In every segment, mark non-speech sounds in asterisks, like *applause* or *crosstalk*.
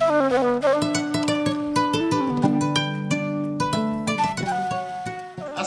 Thank *laughs* you.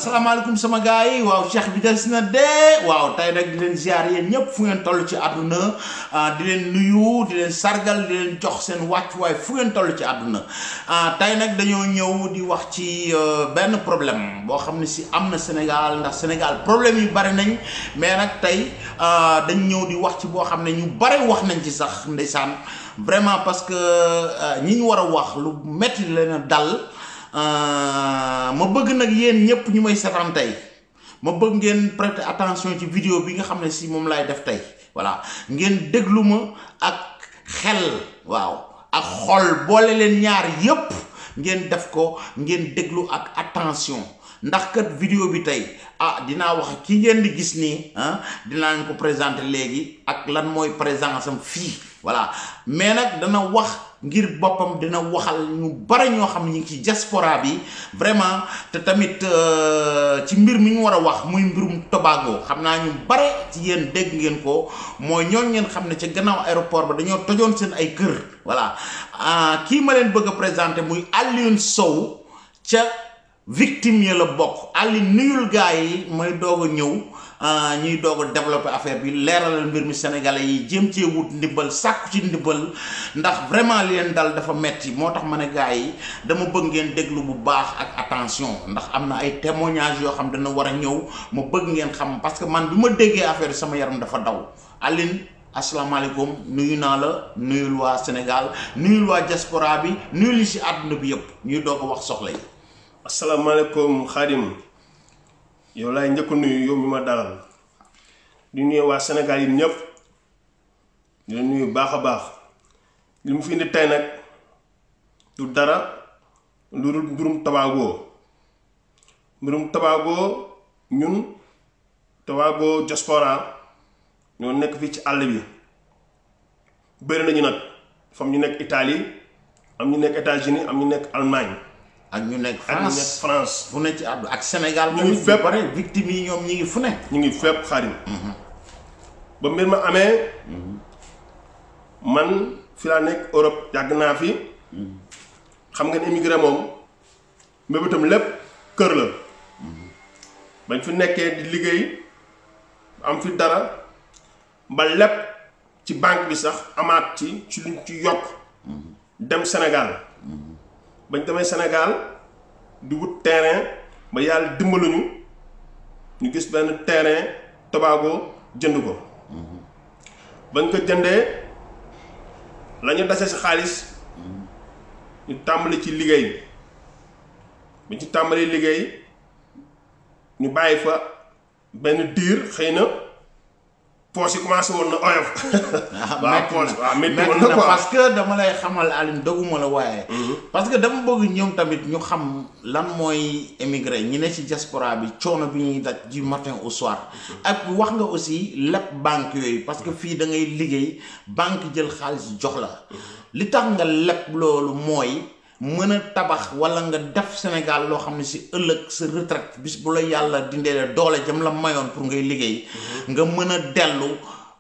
asalaamaaleykum sama gars yi waaw cheikh bi des na dee waaw tey nag di leen ziar yéen ñëpp fu ngeen tollu ci àdduna ah, di leen nuyu di leen sargal di leen jox seen wàccuwaay fu ngeen toll ci àdduna ah, tey nag dañoo ñëw di wax ci euh, benn problème boo xam ne si am na Sénégal ndax Sénégal problème yu bari nañ mais nag tey ah, dañ ñëw di wax ci boo xam ne ñu bari wax nañ ci sax ndeysaan vraiment parce que euh, ñi ñu war a wax lu metti leen dal. Euh, ma bëgg nag yéen ñëpp ñu may seetaan tey ma bëgg ngeen prêter attention ci vidéo bi nga xam ne si moom laay def tey voilà ngeen déglu ma ak xel waaw ak xol boole leen ñaar yépp ngeen def ko ngeen déglu ak attention ndax kat vidéo bi tey ah dinaa wax ki ngeen di gis nii ah, dinaa leen ko présenter léegi ak lan mooy présence am fii voilà mais nag dana wax. ngir bopam dina waxal ñu bari ñoo xam ñi ci diaspora bi vraiment te tamit euh, ci mbir mi ñu war wax muy mbirum tobago xam naa ñu bari ci yéen dégg ngeen ko mooy ñoon ngeen xam ne gannaaw aéroport ba dañoo tojoon seen ay kër voilà ah, ki ma leen bëgg a muy Alioune Sow ca victime ya la bokk Alioune nuyul gars may doog a Euh, ñuy doog a développé affaire bi leeralal mbir mi sénégalais yi jéem cee wut ndimbal sàkku ci ndimbal ndax vraiment li leen dal dafa metti moo tax ma ne gars yi dama bëgg ngeen déglu bu baax ak attention ndax am na ay témoignages yoo xam dana war a ñëw ma bëgg ngeen xam parce que man bi ma déggee affaire sama yaram dafa daw Aline asalaamaaleykum nuyu naa la nuyul waa Sénégal nuyul waa diaspora bi nuyul yi si àdduna bi yëpp ñuy doog ko wax soxla yi. asalaamaaleykum Xaadim yow laay njëkk nuyu yow mi ma dalal di nuyu waa Sénégal yi ñëpp di nuyu baax a baax li mu fi indi tey nag du dara lu dul mbirum Tobago mbirum Tobago ñun Tobago diaspora ñoo nekk fii ci àll bi bëri nañu nag fam ñu nekk itali am ñu nekk États-Unis am ñu nekk almaañ ak ñu nekk France France fu ne ci àddu ak Sénégal ñu ngi fépp bare victimes yi ñoom ñi ngi fu ne ñu ngi fépp xarim mhm. ba mbir ma amee mhm. man fi laa nekk Europe yàgg naa fi mhm. xam nga ni immigré moom mbébétam lépp kër la bañ fi nekkee di liggéey am fi dara ba lépp ci banque bi sax amaat ci ci luñ ci yokk dem Sénégal bañ demee senegaal di wut terrain ba yàlla dimbaluñu ñu gis benn terrain Tobago jënd ko bañ ko jëndee la ñu dase si xaalis ñu tàmbali ci liggéey bi ci tàmbali liggéey ñu bàyyi fa benn diir xëy na poche yi commencé woon na oyof. Ah, waaw poche woon na parce que dama lay xamal Alioune doguma la waaye. Mhm. parce que dama bëgg ñoom tamit ñu xam lan mooy émigré ñi ne ci diaspora bi coono bi ñuy daj du matin au soir. Mhm. ak wax nga aussi lépp banque yooyu parce que fii da ngay liggéey banque jël xaalis jox la. Mhm. li tax nga lépp loolu mooy. mën a tabax wala nga def Sénégal loo xam ne si ëllëg sa retraite bis bu la yàlla dindee doole jëm la mayoon pour ngay liggéey nga mën a dellu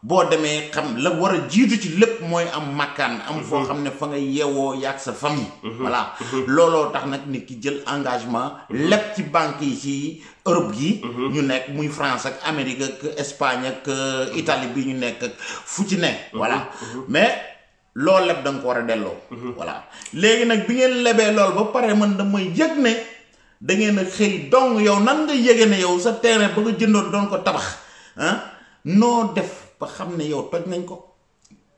boo demee xam la war a jiitu ci lépp mooy am makkaan am foo mhm. xam ne fa nga yeewoo yaag sa famille mhm. voilà mhm. looloo tax nag nit ki jël engagement lekk ci banque yi ci Europe gi ñu nekk muy France ak Amérique ak Espagne ak euh, Italie bi ñu nekk ak fu ci nekk voilà mais loo leb da ko war a delloo. Mhm. voilà léegi nag bi ngeen lebee lool ba pare man damay yëg ne da ngeen a xëy dong yow nan nga yëge ne yow sa terrain ba nga jëndoon doon ko tabax ah, noo def ba xam ne yow toj nañ ko.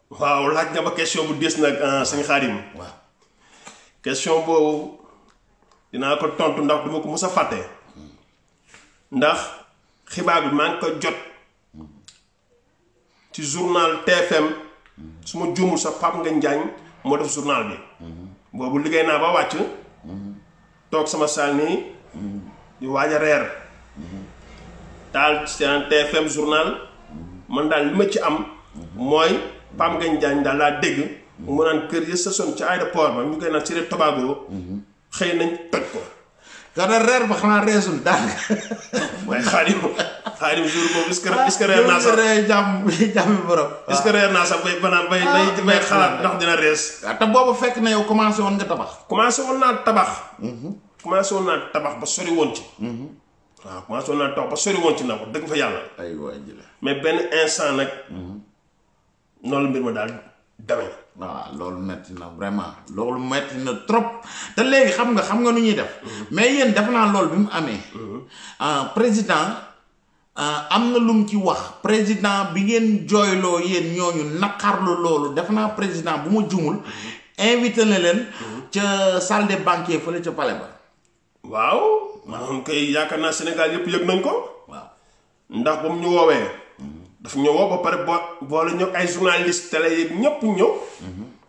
waaw laaj nga ma question bu des nag ah, sëñ Xaadim waaw question boobu dinaa ko tontu ndax duma ko mës a fàtte ndax xibaar bi maa ngi ko jot mm. ci journal TFM. su ma juumul sax Pape Ngagne Diagne moo def journal bi boobu liggéey naa ba wàcc toog sama saal nii di waaj a reer daal seen TFM journal man daal li ma ci am mooy Pape Ngagne Diagne daal laa dégg mu naan kër ya station ci aéroport ba ñu koy naan Siré Tobago xëy nañ toj ko xanaa reer ba xanaa reesul daal. *laughs* waaye xaadim xaadim jour boobu est-ce que ah, est-ce que reer naa sax jàmm jàmmi borom. est-ce que naa sax bay banaan bay bay ah, bay ah, xalaat ndax dina rees. waaw te boobu fekk na yow commencé woon nga tabax. commencé woon naa tabax. Mhm. commencé woon naa tabax ba sori woon ci. Mhm. waaw commencé woon naa tabax ba sori woon ci na ko dëgg fa yàlla. mais benn instant nag. Mhm. noonu la mbir ma daal. damay waaw loolu metti na vraiment loolu metti na trop te léegi xam nga xam nga nu ñuy def mm-hmm. mais yéen def naa loolu bi mu amee mm-hmm. euh, président euh, am na lu mu ci wax président bi ngeen jooyloo yéen ñooñu naqarlu loolu def naa président bu ma jumul mm-hmm. invité na leen ca salle des banquiers fële ca palais ba waaw maanaam kay yaakaar naa Sénégal yëpp yëg nañ ko waaw ndax ba mu ñu woowee daf ñëwoo ba pare boole ay journaliste télé yeeg ñëpp ñëw.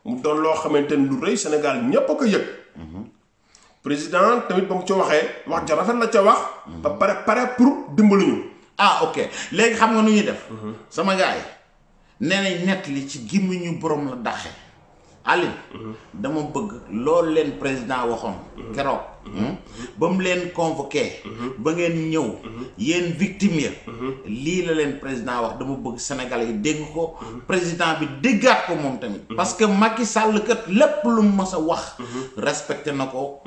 mu doon loo lu rëy Sénégal ñëpp a ko yëg. président tamit ba wax la wax. ba pour nous. ah ok léegi xam nga nu ñuy def. Mhm. sama gaay nee li ci mhm. président Hmm? ba mu leen convoqué. Hmm? ba ngeen ñëw. Hmm? yéen victime ya. lii la leen président wax dama bëgg Sénégalais yi dégg ko. président bi déggaat ko moom tamit. parce que Macky Sall kat lépp lu mu mës a wax. respecté na ko.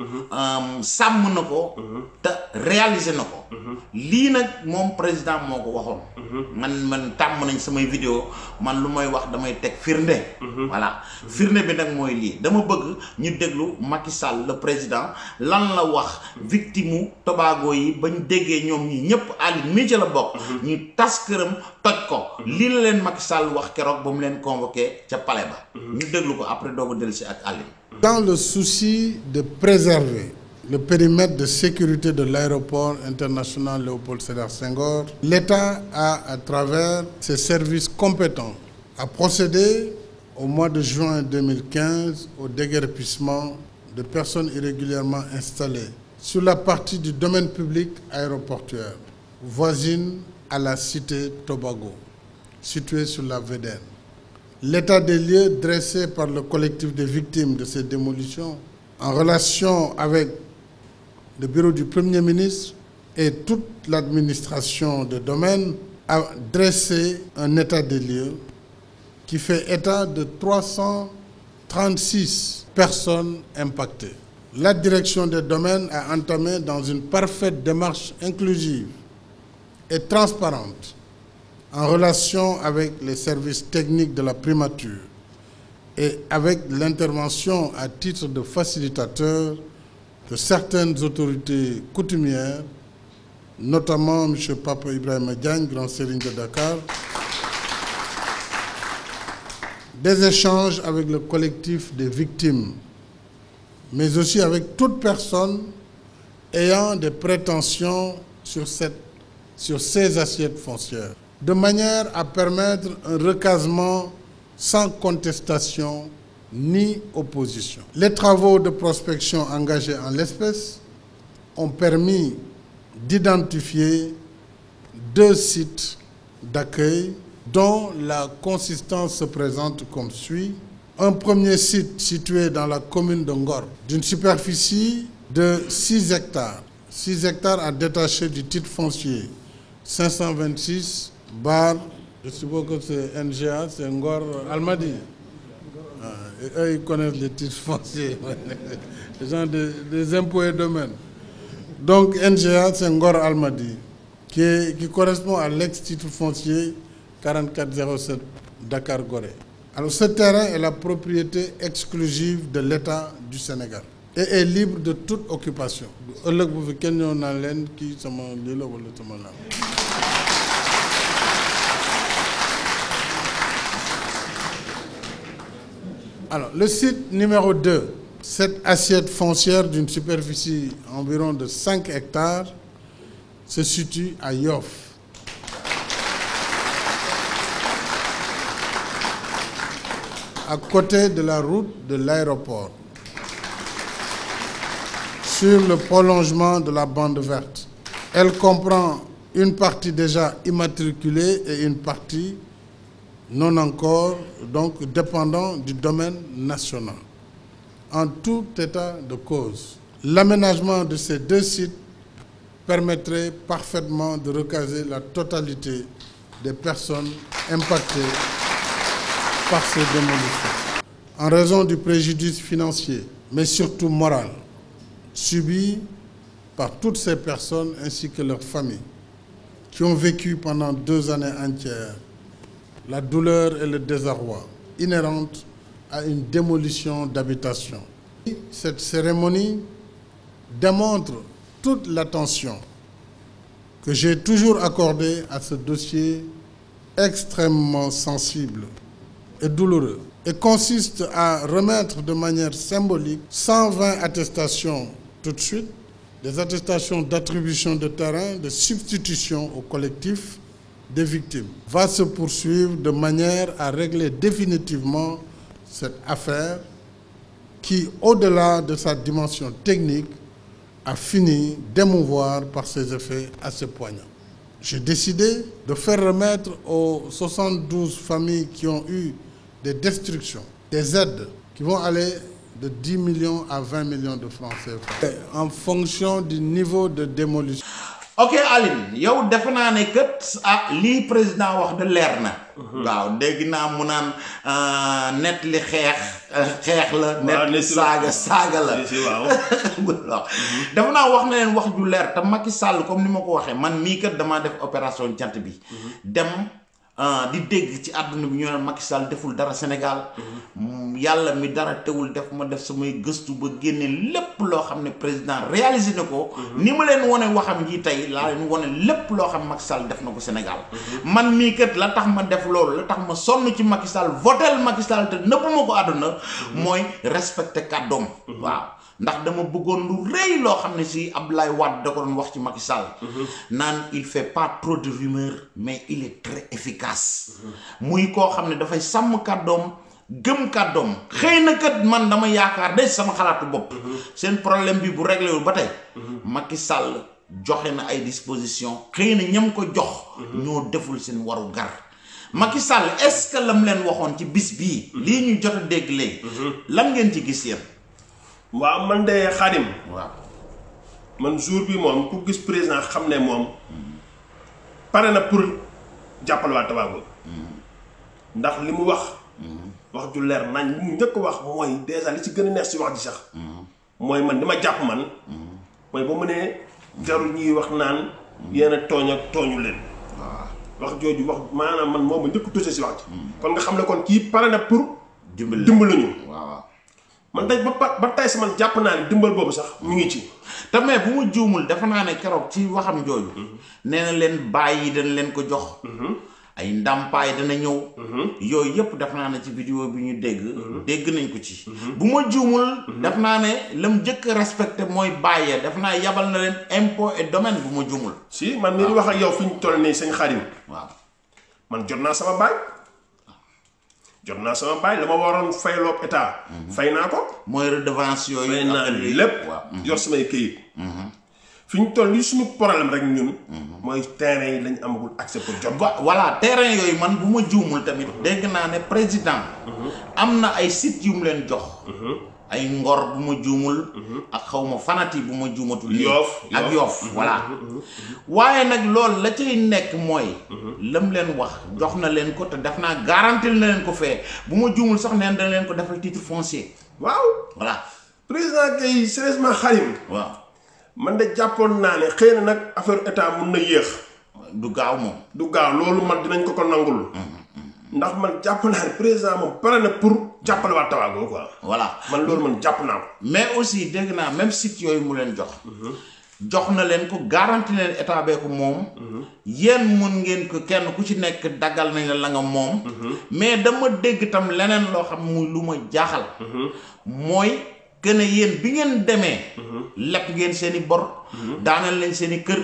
sàmm na ko. te réalisé na ko. Mm-hmm. lii nag moom président moo ko waxoon. Mm-hmm. man man tàmm nañ samay vidéo man lu may wax damay teg firnde. Mm-hmm. voilà firnde bi nag mooy lii dama bëgg ñu déglu Macky Sall le président lan la wax victime mu Tobago yi bañ déggee ñoom ñi ñëpp àll mi ca la bokk. ñu tas këram toj ko. lii la leen Macky Sall wax keroog ba mu leen convoqué ca pale ba. ñu déglu ko après doo ko dellu si ak àll. dans le souci de préserver. le périmètre de sécurité de l'aéroport international Léopold Sédar Senghor, l'État a, à travers ses services compétents, a procédé au mois de juin 2015 au déguerpissement de personnes irrégulièrement installées sur la partie du domaine public aéroportuaire voisine à la cité Tobago, située sur la Védène. L'état des lieux dressé par le collectif des victimes de ces démolitions en relation avec le bureau du Premier ministre et toute l'administration des domaines a dressé un état des lieux qui fait état de 336 personnes impactées. La direction des domaines a entamé dans une parfaite démarche inclusive et transparente en relation avec les services techniques de la primature et avec l'intervention à titre de facilitateur que certaines autorités coutumières, notamment M. Papa Ibrahim Diagne, grand sérigne de Dakar, des échanges avec le collectif des victimes, mais aussi avec toute personne ayant des prétentions sur ces assiettes foncières, de manière à permettre un recasement sans contestation ni opposition. Les travaux de prospection engagés en l'espèce ont permis d'identifier deux sites d'accueil dont la consistance se présente comme suit. Un premier site situé dans la commune de d'une superficie de 6 hectares, 6 hectares à détacher du titre foncier 526 bar, je suppose que c'est NGA, c'est Ngor Almadi. Euh, eux, ils connaissent les titres fonciers, *laughs* les gens des, impôts et domaines. Donc NGA, c'est Ngor Almadi, qui, correspond à l'ex-titre foncier 4407 Dakar-Gorée. Alors ce terrain est la propriété exclusive de l'État du Sénégal et est libre de toute occupation. Alors, le site numéro 2, cette assiette foncière d'une superficie environ de 5 hectares se situe à Yoff. à côté de la route de l'aéroport, sur le prolongement de la bande verte. Elle comprend une partie déjà immatriculée et une partie non encore donc dépendant du domaine national. En tout état de cause, l'aménagement de ces deux sites permettrait parfaitement de recaser la totalité des personnes impactées par ces démolitions. En raison du préjudice financier, mais surtout moral, subi par toutes ces personnes ainsi que leurs familles, qui ont vécu pendant deux années entières la douleur et le désarroi inhérentes à une démolition d'habitation. Cette cérémonie démontre toute l'attention que j'ai toujours accordée à ce dossier extrêmement sensible et douloureux et consiste à remettre de manière symbolique 120 attestations tout de suite, des attestations d'attribution de terrain, de substitution au collectif des victimes va se poursuivre de manière à régler définitivement cette affaire qui, au-delà de sa dimension technique, a fini d'émouvoir par ses effets assez poignants. J'ai décidé de faire remettre aux 72 familles qui ont eu des destructions, des aides qui vont aller de 10 millions à 20 millions de francs CFA en fonction du niveau de démolition. ok Aline yow defe naa ne kët ah lii président wax de leer na. Mhm. waaw dégg naa mu naan ah, net li xeex eh, xeex la. net li saaga *laughs* saaga la. waaw *laughs* dafa mhm. naa wax na leen wax ju leer te Macky sàll comme ni ma ko waxee man mii kat damaa def opération jant bi. Mhm. dem. Euh, di dégg ci àdduna bi ñu naan Macky deful dara Sénégal mhm. yàlla mi dara teewul def ma def samay gëstu ba génnee lépp loo xam ne président réalisé na ko mhm. ni ma leen wane waxam ji tey laa leen wane lépp loo xam Macky Sall def na ko Sénégal mhm. man mii kat la tax ma def loolu la tax ma sonn ci Macky Sall votel Macky Sall te nëbbuma ko àdduna mooy respecté kàddoom waaw ndax dama bëggoon lu rëy loo xam ne si Abdoulaye Wade da ko doon wax ci Macky Sall. naan il fait pas trop de rumeur mais il est très efficace. muy koo xam ne dafay sàmm kàddoom gëm kàddoom xëy na kat man dama yaakaar de sama xalaatu bopp. seen problème bi bu réglé wul ba tey. Macky Sall joxe na ay disposition xëy na ñam ko jox. ñoo deful seen waru gar. Macky Sall est-ce lam leen waxoon ci bis bii. lii ñu jot a dégg léegi. Mhm. lan ngeen ci gis yéen. waaw man de xadim waaw man jour bi moom ku gis président xam ne moom pare na pour jàppal waa Tobago mm-hmm. ndax li mu wax mm-hmm. wax ju leer nañ li mu njëkk wax mooy dèjà li ci gën a neex si wax ji sax mm-hmm. mooy man li ma jàpp man mooy ba mu ne jarul ñuy wax naan yéen a tooñ ak tooñu leen wax jooju wax maanaam man moom ma njëkk touché si wax ji kon nga xam ne kon kii pare na pour dimbaluñu waaw man dañ ba ba tay sama japp naa ni dimbal boobu sax mu ngi ci te mais bu ma juumul dafa naa ne keroog ci waxam jooju nee na leen bàyyi dañ leen ko jox mhm. ay ndàmpaay dana ñëw mhm. yooyu yëpp daf naa ne ci vidéo bi ñu dégg mhm. dégg nañ ko ci bu ma juumul daf naa ne lam jëkk respecté mooy bàyyee ya, daf naa yabal na len impôt et domaine bu ma si man ni wax ak yow fi toll nii xarim waaw man jot sama bàyyi jot naa sama baay la ma waroon fayloo état. Mhm. fay naa ko. mooy redevance yooyu. fay naa lépp mhm. yor samay këyit. Mhm. fi ñu toll nii suñu problème rek ñun. mooy terrain yi lañ amagul accès pour jot. voilà terrain yooyu man bu ma juumul tamit dégg naa ne président. am na ay sites yu leen jox. ay ngor bu ma juumul mhm. ak xawma fanati bu ma juumatul yoof ak yoof mhm, voilà mhm, waaye nek loolu la cay nekk mooy lam leen wax jox na leen ko te def garantil na leen ko fee bu ma juumul sax neen dana leen ko defal titre foncier waaw voilà président kay sérieusement xarim waaw man de jàppoon naa ne xëy na affaire état mun na yéex du gaaw moom du gaaw loolu man dinañ ko ko nangul ndax man jàpp président pour jàppale waa Tobago voilà man loolu jàpp naa ko. mais aussi dégg naa même sit yooyu mu leen jox. Mhm. jox na leen ko garanti leen état bee moom. Mhm. yéen mun ngeen ko kenn ku ci nekk daggal nañ la la nga moom. Mhm. mais dama dégg tam leneen loo xam muy lu ma jaaxal. mooy que ne yéen bi ngeen demee. lekk ngeen seeni bor. daanal leen seen i kër.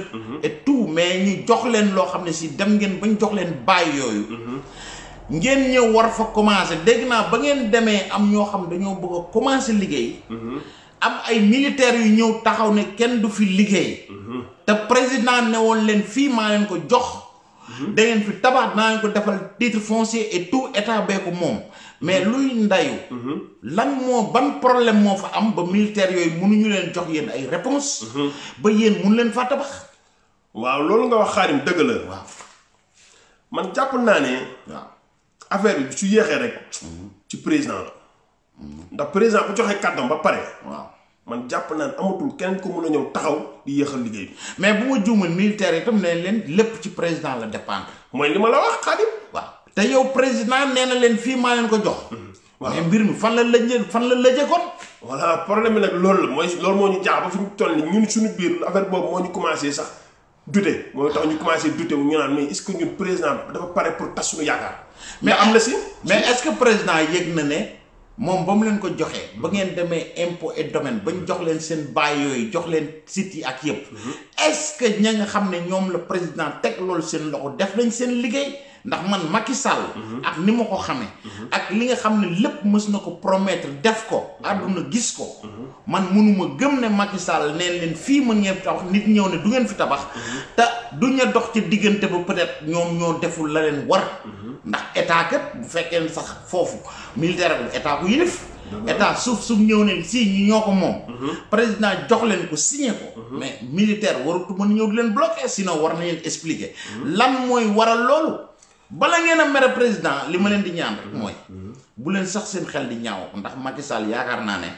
et tout mais ñi jox leen loo xam ne si dem ngeen ba ñu jox leen bàyyi yooyu. ngeen ñëw war fa commencé dégg naa ba ngeen demee am ñoo xam dañoo bëgg a liggéey mhm. am ay militaires yu ñëw taxaw ne kenn du fi liggéey mhm. te président ne woon leen fii maa leen ko jox mhm. da ngeen fi tabax naa leen ko defal titre foncier et tout état bee ko moom mais luy ndayu lan moo ban problème moo fa am ba militaires yooyu mënuñu leen jox yéen ay réponse ba yéen mun leen faa tabax waaw loolu nga wax xaarim dëgg la waaw man jàpp naa ne waaw affaire bi su yéexee rek. Mhm. ci président la. Mhm. ndax président bu joxe kàddam ba pare. waaw man jàpp naa ne amatul kenn ko mën a ñëw taxaw di yéexal liggéey bi. mais bu ma juumal militaire itam ne leen lépp ci président la dépendre. mooy li ma la wax Xaadim. waaw te yow président nee na leen fii maa leen ko jox. Mhm. waaw mais mbir mi fan la lëjee fan la lëjee kon. voilà problème bi nag loolu la mooy loolu moo ñu jaax ba fi ñu toll nii ñun suñu biir affaire boobu moo ñu commencé sax. dute moo tax ñu commencé dute wu ñu naan mais est-ce que ñun président dafa pare pour tas suñu yaakaar. mais am na si. mais est-ce que président yëg na ne moom ba mu leen ko joxee ba ngeen demee impôt et domaine ba ñu jox leen seen baay yooyu jox leen site yi ak yëpp. Mhm. est-ce que ña nga xam ne ñoom la président teg loolu seen loxo def nañ seen liggéey. ndax man Macky Sall ak ni ma ko xamee ak li nga xam ne lépp mës ko promettre def ko àdduna gis ko man mënuma gëm ne Macky Sall neen leen fii mën ngeen fi nit ñëw ne du ngeen fi tabax te duñ a dox ci diggante ba peut-être ñoom ñoo deful la leen war ndax état kat bu fekkee ne sax foofu militaire bu état ko yilif état suuf su ñëw ne si ñu ñoo ko moom président jox leen ko signé ko mais militaire waratu mën ñëw di leen bloqué sinon war na leen expliquer lan mooy waral loolu bala ngeen a mere président li ma leen di ñaan rek mooy bu leen sax seen xel di ñaaw ndax Macky Sall yaakaar naa ne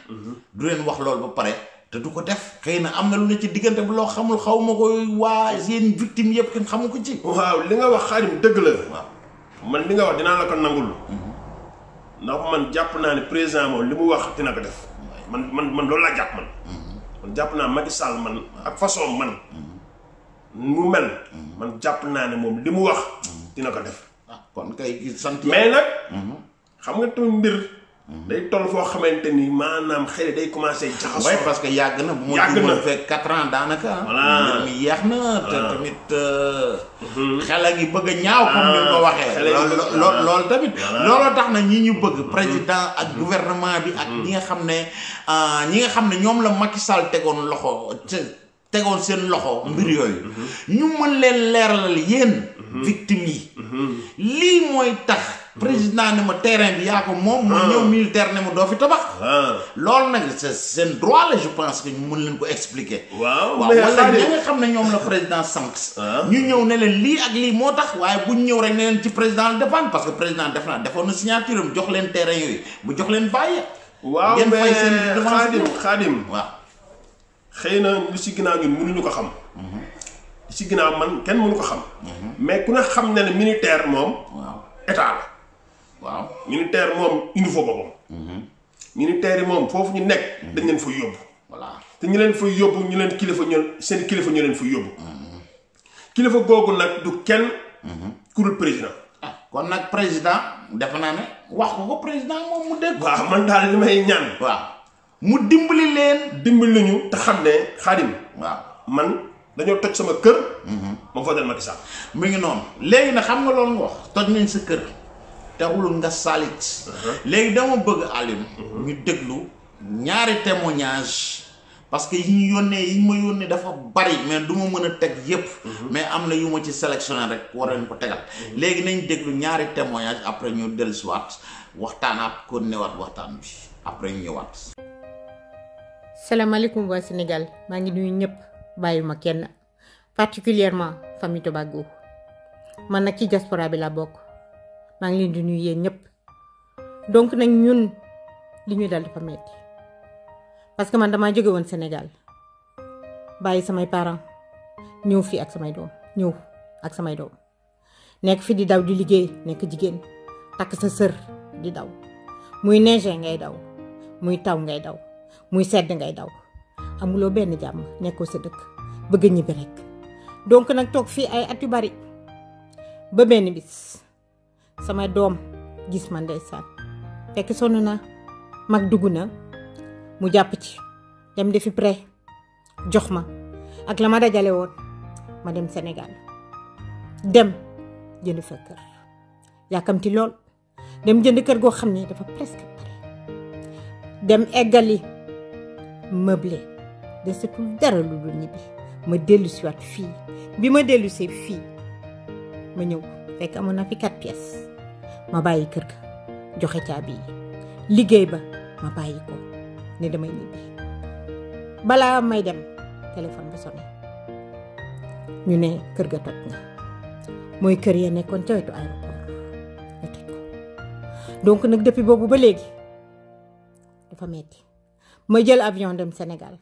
du leen wax loolu ba pare te du ko def xëy na am na lu ne ci diggante bu loo xamul xaw ko waa seen victime yëpp kenn xamu ko ci waaw li nga wax la man li nga wax dinaa la ko nangul mhm. ndax man jàpp naa ne président wax dina ko def man man man loolu laa man mhm. man jàpp Macky Sall man ak façon man mhm. mu mel man jàpp naa ne moom wax dina ko def kon kay sant mais nag. Mhm. xam nga tamit mbir. Mhm. day toll foo xamante ni maanaam xëy day commencé jaxasoo. parce que yàgg na bu ma juumee fekk quatre ans daanaka. Ah. voilà mbir yeex na. tamit euh, mhm. xel a ngi bëgg a ñaaw. comme ni nga ah, waxee. lool tamit. looloo tax na ñi ñu bëgg. président ak gouvernement bi ak ñi nga xam ne ah, ñi nga xam ne ñoom la Macky Sall tegoon loxo tegoon seen loxo. mbir yooyu. ñu mën leen leeralal yéen. victime yi. lii mooy tax. président ne ma terrain bi yaa ko moom. ma ah. ñëw militaire ne ma doo fi tabax. Ah. loolu nag c'est seen droit la je pense que ñu mën leen ko expliquer. waaw waaw wala ñi nga xam ne ñoom la président sànq. Ah. ñu ñëw ne leen lii ak lii moo tax waaye bu ñu ñëw rek ne leen ci président la dépendre parce que président def naa defoon na signature am jox leen terrain yooyu mu jox leen bàyyi. waaw mais xaadim xaadim waaw. xëy na lu si ko xam. Mhm. ci ginnaaw man kenn mënu ko xam. mais ku ne xam na ne militaire moom. waaw la. waaw militaire moom indi boppam. Mhm. militaire yi moom foofu ñu nekk. Mhm. dañ leen fu yóbbu. voilà te ñu leen fa yóbbu ñu leen kilifa ñu seen kilifa ñu leen fu yóbbu. Mhm. kilifa googu nag du kenn. kurul président. ah kon nag président defe naa ne wax ko ko président moom mu dégg. waaw man daal li may ñaan. waaw mu dimbali leen. dimbali ñu te xam ne xaadim waaw man. dañoo toj sama kër. Mm-hmm. ba mu fa dem Macky Sall. mu ngi noonu léegi nag xam nga loolu nga wax toj nañ sa kër taxul nga salit uh-huh. léegi dama bëgg Alioune. Uh-huh. ñu déglu ñaari témoignage parce que yi ñu yónnee yi ñu ma yónnee dafa bari mais du ma mën a teg yépp uh-huh. mais am na yu ma ci sélectionné rek war nañ ko tegal. léegi nañ déglu ñaari témoignage après ñu dellusiwaat waxtaanaat ko newaat waxtaan bi après ñu ñëwaat. salaamaaleykum waa Sénégal maa ngi nuyu ñëpp. Bayumakiana, particulièrement famille Tobago. man nak ci diaspora bi la bok ma ngi leen di Pas yeen ñëpp donc nag ñun li ñu dal dafa metti parce que man dama jóge woon sénégal bàyyi samay parents ñëw fi ak samay doom ñëw ak samay doom nek fi di daw di liggéey nekk jigéen takk sa di daw muy neige ngay daw muy taw ngay daw muy sedd ngay daw amuloo benn jàmm nekkoo sa dëkk bëgg ñibbi rek donc nag toog ay at yu bari ba bis sama dom gis ma ndeysaan fekk na mag dugg na mu jàpp ci dem defi pre, jox ma ak la dajale ma dem Sénégal dem jënd fa ya dem jënd kër goo xam dafa presque dem eggali meublé de setul dara lulu nibi ñibbi ma dellu si wat fii bi ma dellu ma fi quatre pièces ma bàyyi kër ga joxe caabi yi liggéey ba ma bàyyi ko ne damay nibi bala may dem téléphone ba sonné ñu ne kër ga toj na mooy kër ya nekkoon ca wetu aéroport ko donc nag depuis boobu ba léegi dafa metti ma jël avion dem Sénégal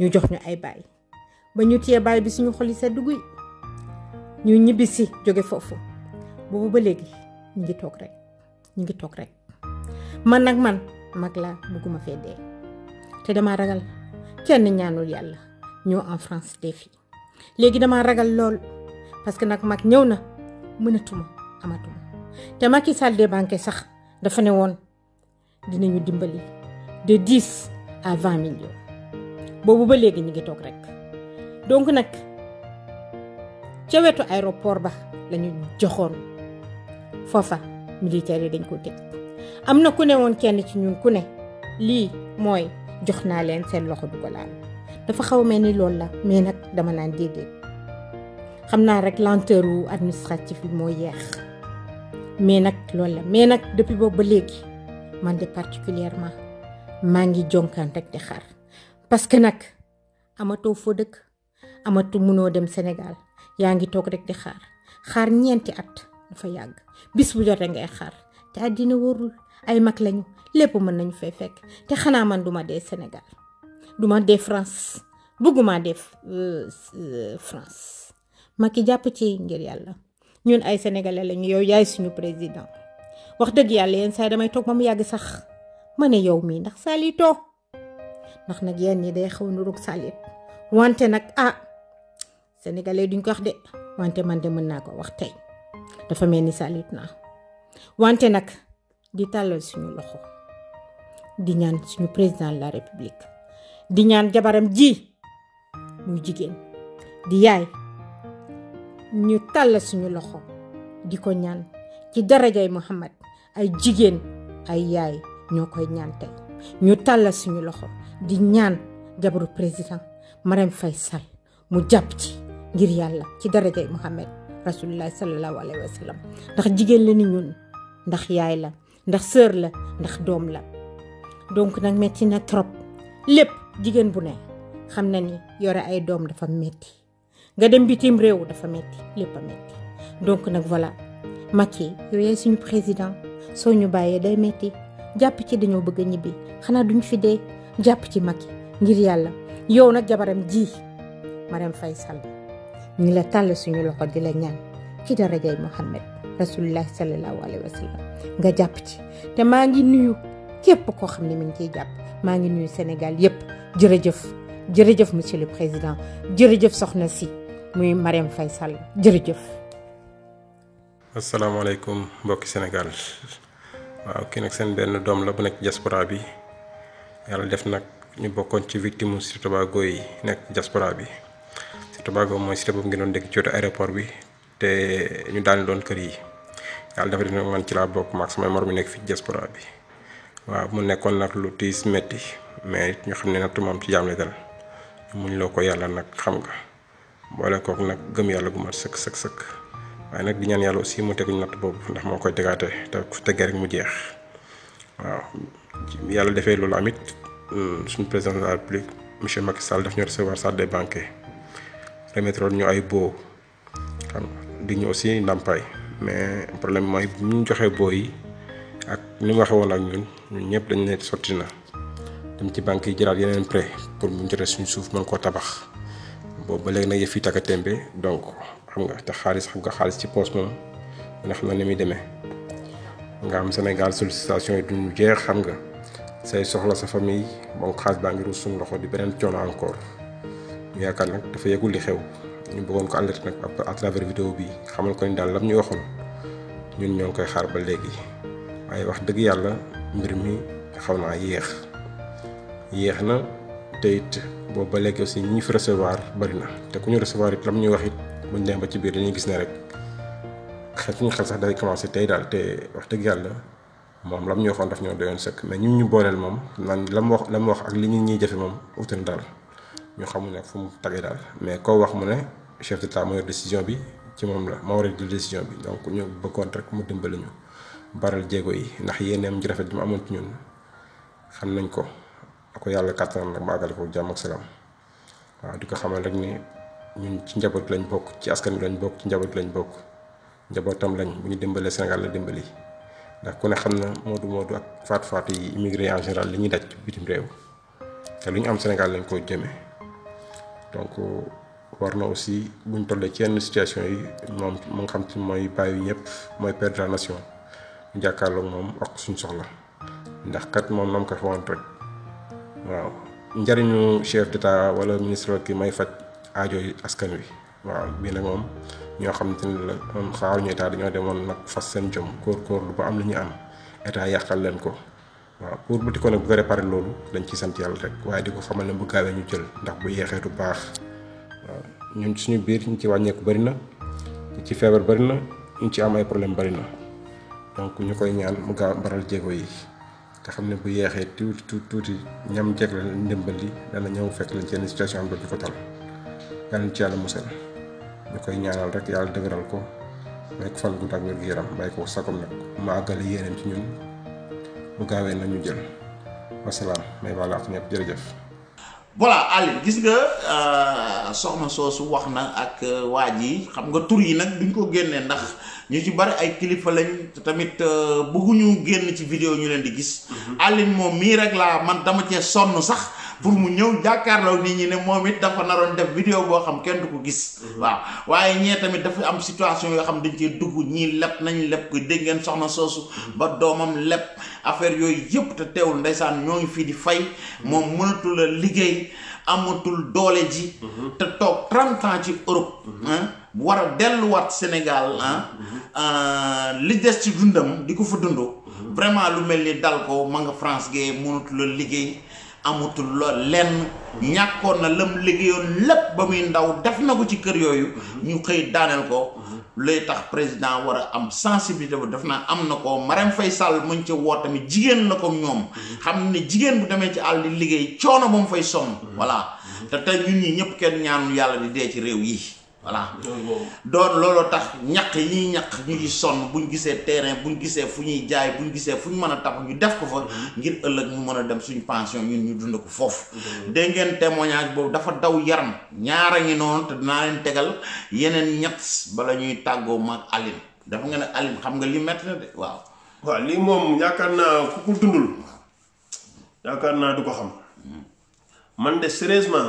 ñu jox ñu ay baay ba ñu téye baay bi suñu xol yi sedd guy ñu ñibbisi si jóge foofu boobu ba léegi ñu ngi toog rek ñu ngi toog rek man nag man mag laa bëgguma fee dee te dama ragal kenn ñaanul yàlla ñoo en France dee léegi dama ragal lool parce que nag mag ñëw na mënatuma amatuma te Macky Sall de banque sax dafa ne woon dinañu dimbali de dix à vingt boobu ba léegi ñu ngi toog rek donc nag ca wetu aéroport ba lañu joxoon foofa militaire yi dañ ko tëj am na ku ne woon kenn ci ñun ku ne lii mooy jox naa leen seen loxo du ko laal dafa xaw mel ni loolu la mais nag dama naan déedéet xam naa rek lenteur wu moo yeex mais nag loolu la mais nag depuis boobu ba léegi man de particulièrement maa ngi jonkaan rek di xaar parce que nag amatoo foo dëkk amatu munoo dem Sénégal yaa ngi toog rek di xaar xaar ñeenti at dafa yàgg bis bu jotee ngay xaar te àddina warul ay mag lañu lépp mën nañu fay fekk te xanaa man duma dee Sénégal duma dee France bëgguma dee euh, euh, France Macky jàpp ci ngir yàlla ñun ay sénégalais lañu yow yaay suñu président wax dëgg yàlla yenn saa yi damay toog ba mu yàgg sax ma ne yow mii ndax Salito ndax nag yenn yi day xaw salib wante nag ah sénégalais duñ ko wax de wante man de mën naa ko wax tey dafa mel ni salit naa wante nag di tàllal suñu loxo di ñaan suñu président de la république di ñaan jabaram ji muy jigéen di yaay ñu tàllal suñu loxo di ko ñaan ci darajay muhammad ay jigéen ay yaay ñoo koy ñaan tey ñu suñu loxo di ñaan jabaru président Marème Faye sal mu jàpp ci ngir yàlla ci darajay Muhammad rasulullah sallallahu alayhi wa sallam ndax jigéen la ni ñun ndax yaay la ndax sœur la ndax doom la donc nag metti na trop lépp jigéen bu ne xam na ni yore ay doom dafa metti nga dem bitim réew dafa metti lépp a metti donc nag voilà Macky yow yaay suñu président soo ñu bàyyee day metti jàpp ci dañoo bëgg a ñibbi xanaa duñ fi dee japp ci makki ngir yàlla yow nag jabaram ji Mariam Faisal, ni la tàll suñu loxo di la ñaan ci darajay mohammed rasulullah sallallahu alayhi wa sallam nga jàpp ci te maa ngi nuyu képp koo xam ne mi ngi ciy jàpp maa ngi nuyu Sénégal yépp jërëjëf jërëjëf monsieur le président jërëjëf soxna si muy Mariam Faisal, Sall jërëjëf. asalaamaaleykum mbokki Sénégal waaw kii nag seen benn doom la bu nekk diaspora bi. yàlla def nag ñu bokkoon ci victime u Série Tobago yi nekk diaspora bi Série Tobago mooy Série boobu ngeen doon dégg ci wetu aéroport bi te ñu daal doon kër yi yàlla dafa dina man ci laa bokk maak sama mor mi nekk fii diaspora bi waaw mu nekkoon nag lu tiis metti mais ñu xam ne nattu moom ci jaam la dal muñ loo ko yàlla nag xam nga boole kook nag gëm yàlla gu mat sëkk sëkk sëkk waaye nag di ñaan yàlla aussi mu teguñu natt boobu ndax moo koy tegaate te ku tegee rek mu jeex yàlla defee loolu amit euh, suñu président de la république monsieur Macky Sall daf ñu recevoir salle des banquets remettre ñu ay boo xam di ñu aussi ndàmpaay mais problème mooy bu ñu joxee boo yi ak ni mu waxee woon ak ñun ñun ñëpp dañu ne sotti na dem ci banque yi jëlaat yeneen prêt pour mu jotee suñu suuf mën koo tabax boobu ba léegi nag yëf yi tàkkatémbe donc xam nga te xaalis xam nga xaalis ci poos moom nga xam na ni muy demee. nga am senegal solicitation yi duñu jeex xam nga say soxla sa famille moom xaalis baa ngi ruus suñu loxo di beneen coono encore ñu yaakaar nag dafa yegul li xew ñu bëggoon ko alerte nag à travers vidéo bi xamal ko ni daal lam ñu waxoon ñun ñoo ngi koy xaar ba léegi waaye wax dëgg yàlla mbir mi xaw naa yéex yéex na te it boobu ba léegi aussi ñi fi resevoir bari na te ku ñu recevoir it lam ñuy wax it buñ dem ba ci biir dañuy gis ne rek xel suñu xel sax day commencé tey daal te wax dëgg yàlla moom lam ñu waxoon daf ñoo doyoon sëkk mais ñun ñu booleel moom naan lam wax lam wax ak li ñu ñuy jafe moom ute na daal ñu xamul ne fu mu tagee daal mais ko wax mu ne chef d'état moo yor décision bi ci moom la moo war a décision bi donc ñu bëggoon rek mu dimbali ñu baral jéego yi ndax yéeneem ji rafet bi mu amoon ci ñun xam nañ ko ako yàlla kàttanam nag mu àggale ko jàmm ak salaam waaw di ko xamal rek ni ñun ci njaboot lañ bokk ci askan bi lañ bokk ci njaboot lañ bokk njabootam lañ bu ñu dimbalee Sénégal la dimbali ndax ku ne xam na moodu moodu ak faatu faatu eh. yi immigré en général li ñuy daj bitim réew te lu ñu am Sénégal lañ ko jëmee donc war na aussi buñ tollee ci yenn situation yi moom mu nga xam ci mooy bàyyi ñëpp mooy de la nation jàkkaarloog moom ak suñ soxla ndax kat moom nam ko xewant rek waaw njariñu chef d'état wala ministre ki may faj aajo askan wi waaw bii nag moom ñoo xamante ni la am xaaruñu état dañoo demoon nag fas seen jom koor koor ba am li ñu am état yàqal leen ko waaw pour bu ko nag bu ko réparé loolu dañ ci sant yàlla rek waaye di ko xamal ne bu gaawee ñu jël ndax bu yeexee ya du baax waaw ñun suñu biir ñu ci wàññeeku bari na ñu ci feebar bari na ñu ci am ay problème bari na donc ñu koy ñaan mu gaaw baral jéego yi te xam ne bu yeexee tuuti tuuti tuuti ñam jeeg la ndimbal li dana ñëw fekk lañ seen situation am ko tal yàlla ci yàlla musal ñu koy ñaanal rek yàlla dëgëral ko may ko fal gudd ak wér yaram may ko sakom nag ma àggale ci ñun bu gaawee nañu jël wasalaam may baal ak ñëpp jërëjëf voilà ali gis nga euh, soxna soosu wax na ak euh, waa ji xam nga tur yi nag duñ ko ndax ñu ci bari ay kilifa lañ te tamit euh, bëgguñu génn ci vidéo ñu leen di gis mhm. alin moom mii rek laa man dama cee sonn sax pour mu ñëw jàkkaarloo nit ñi ne moom it dafa naroon def vidéo boo xam kenn du ko gis. Mhm. waaw waaye ñee tamit dafa am situation yoo xam dañ cee dugg ñii lepp nañ lepp ko dégg soxna soosu mhm. ba doomam lepp affaire yooyu yëpp te teewul ndeysaan ñoo ngi fii di fay mhm. moom mënatula liggéey. amatul doole ji te toog trente ans ci Europe war a delluwaat Sénégal euh, li des ci dundam di ko fa dundoo vraiment lu mel ni dal ko ma nga France gee mënatul liggéey amatul lool lenn ñàkkoon na lam liggéeyoon lépp ba muy ndaw def na ko ci kër yooyu ñu xëy daaneel ko lay tax président war a am sensibilité bu def naa am na ko Marème fay Sall muñ ci woo tamit jigéen la comme ñoom xam ne jigéen bu demee ci àll di liggéey coono ba mu fay sonn voilà te tey ñun ñi ñëpp kenn ñaanu yàlla di dee ci réew yi voilà doon looloo tax ñaq yi ñaq ñu ñuy sonn ñu gisee terrain buñ gisee fu ñuy jaay bu ñu gisee fu ñu mën a tabax ñu def ko fa mhm. ngir ëllëg ñu mën a dem suñu pension ñun ñu dund ko foofu mhm. dégg ngeen boobu dafa daw yaram ñaara ngi noonu te dinaa leen tegal yeneen ñett bala ñuy tàggoo maag alim dafa nga ne alim xam nga li métti na de waaw waaw lii moom yaakaar naa ku ko dundul yaakaar naa du ko xam mhm. man de sérieusement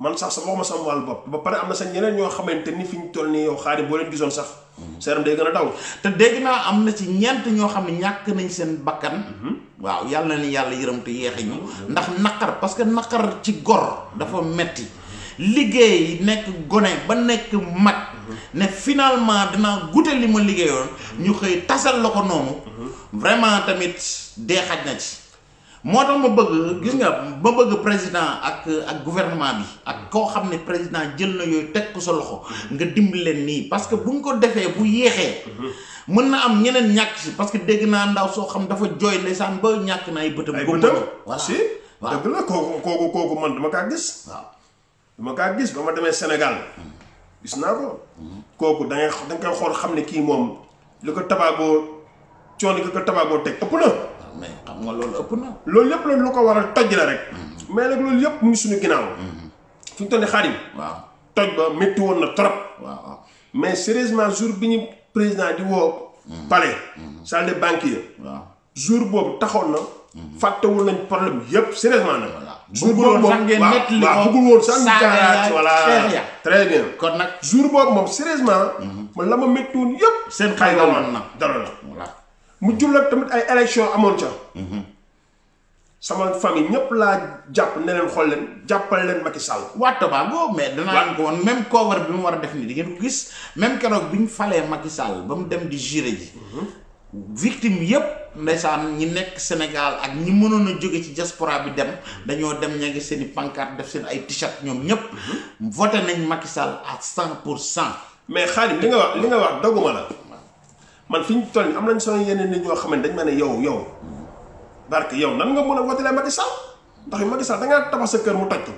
man sax sama waxuma sama wàllu bopp ba pare am na sa ñeneen ñoo xamante ni fi ñu toll nii yow xaari boo leen gisoon sax. seeram day gën a daw. te dégg naa am na ci ñeent ñoo xam ne ñàkk nañ seen bakkan. Mhm. waaw yàlla na ni yàlla yërëm te yeexe ñu. ndax naqar parce que naqar ci gor dafa metti liggéey nekk gone ba nekk mag. ne finalement dinaa goûter li ma liggéeyoon. ñu xëy tasal la ko noonu. Mhm. vraiment tamit dee xaj na ci. moo tax ma bëgg gis nga ma bëgg président ak ak gouvernement bi ak mm. koo xam ne président jël na yooyu teg ko sa loxo nga dimb leen nii parce que bu ñu ko defee bu yéexee mm-hmm. mën na am ñeneen ñàkk si parce que dégg naa ndaw soo xam dafa jooy ndeysaan ba ñàkk na ay bëtam gumba voilà si dëgg la kooku kooku kooku man dama kaa gis waaw dama kaa gis ba ma demee Sénégal mm. gis naa ko mm. kooku dangay danga koy xool xam ne kii moom li ko tabaaboo coono gi ko tabaaboo teg ëpp na. Ah, nga loolu ëpp loolu yëpp loolu lu ko waral toj la rek. Mm-hmm. mais nag loolu yëpp mu ngi suñu ginnaaw. Mm-hmm. fi mu toll nii xaadim. toj ba métti woon na trop. mais sérieusement jour bi ñu président di woo. Mm-hmm. palais. salle des banquiers. waaw jour boobu taxoon na. fàttewul nañ problème yëpp sérieusement nag. voilà jour boobu moom waaw bëggul woon sax kon nag jour boobu moom sérieusement. man la ma méttiwoon yëpp. seen xayma woon na dara la. mu jublu tamit ay élection amoon ca. Mhm. sama famille ñëpp laa jàpp ne leen xool leen jàppal leen Macky Sall. waa Tobago mais danaa leen ko woon même coowar bi mu war a def nii di ngeen ko gis même keroog bi ñu falee Macky Sall ba mu dem di juré ji. Mhm. victime yëpp ndaysaan ñi nekk Sénégal ak ñi mënoon a jóge ci diaspora bi dem dañoo dem ña ngi seen i pancarte def seen ay t-shirt ñoom ñëpp mhm. voté nañ Macky Sall à cent pour cent. mais xaalis li nga wax li nga wax doguma man fi ñu toll nii am nañ sama yeneen nit ñoo xam ne dañ ma ne yow yow barke yow nan nga mën a wotelee Macky Sall ndax yu Macky Sall da ngaa tabax sa kër mu toj ko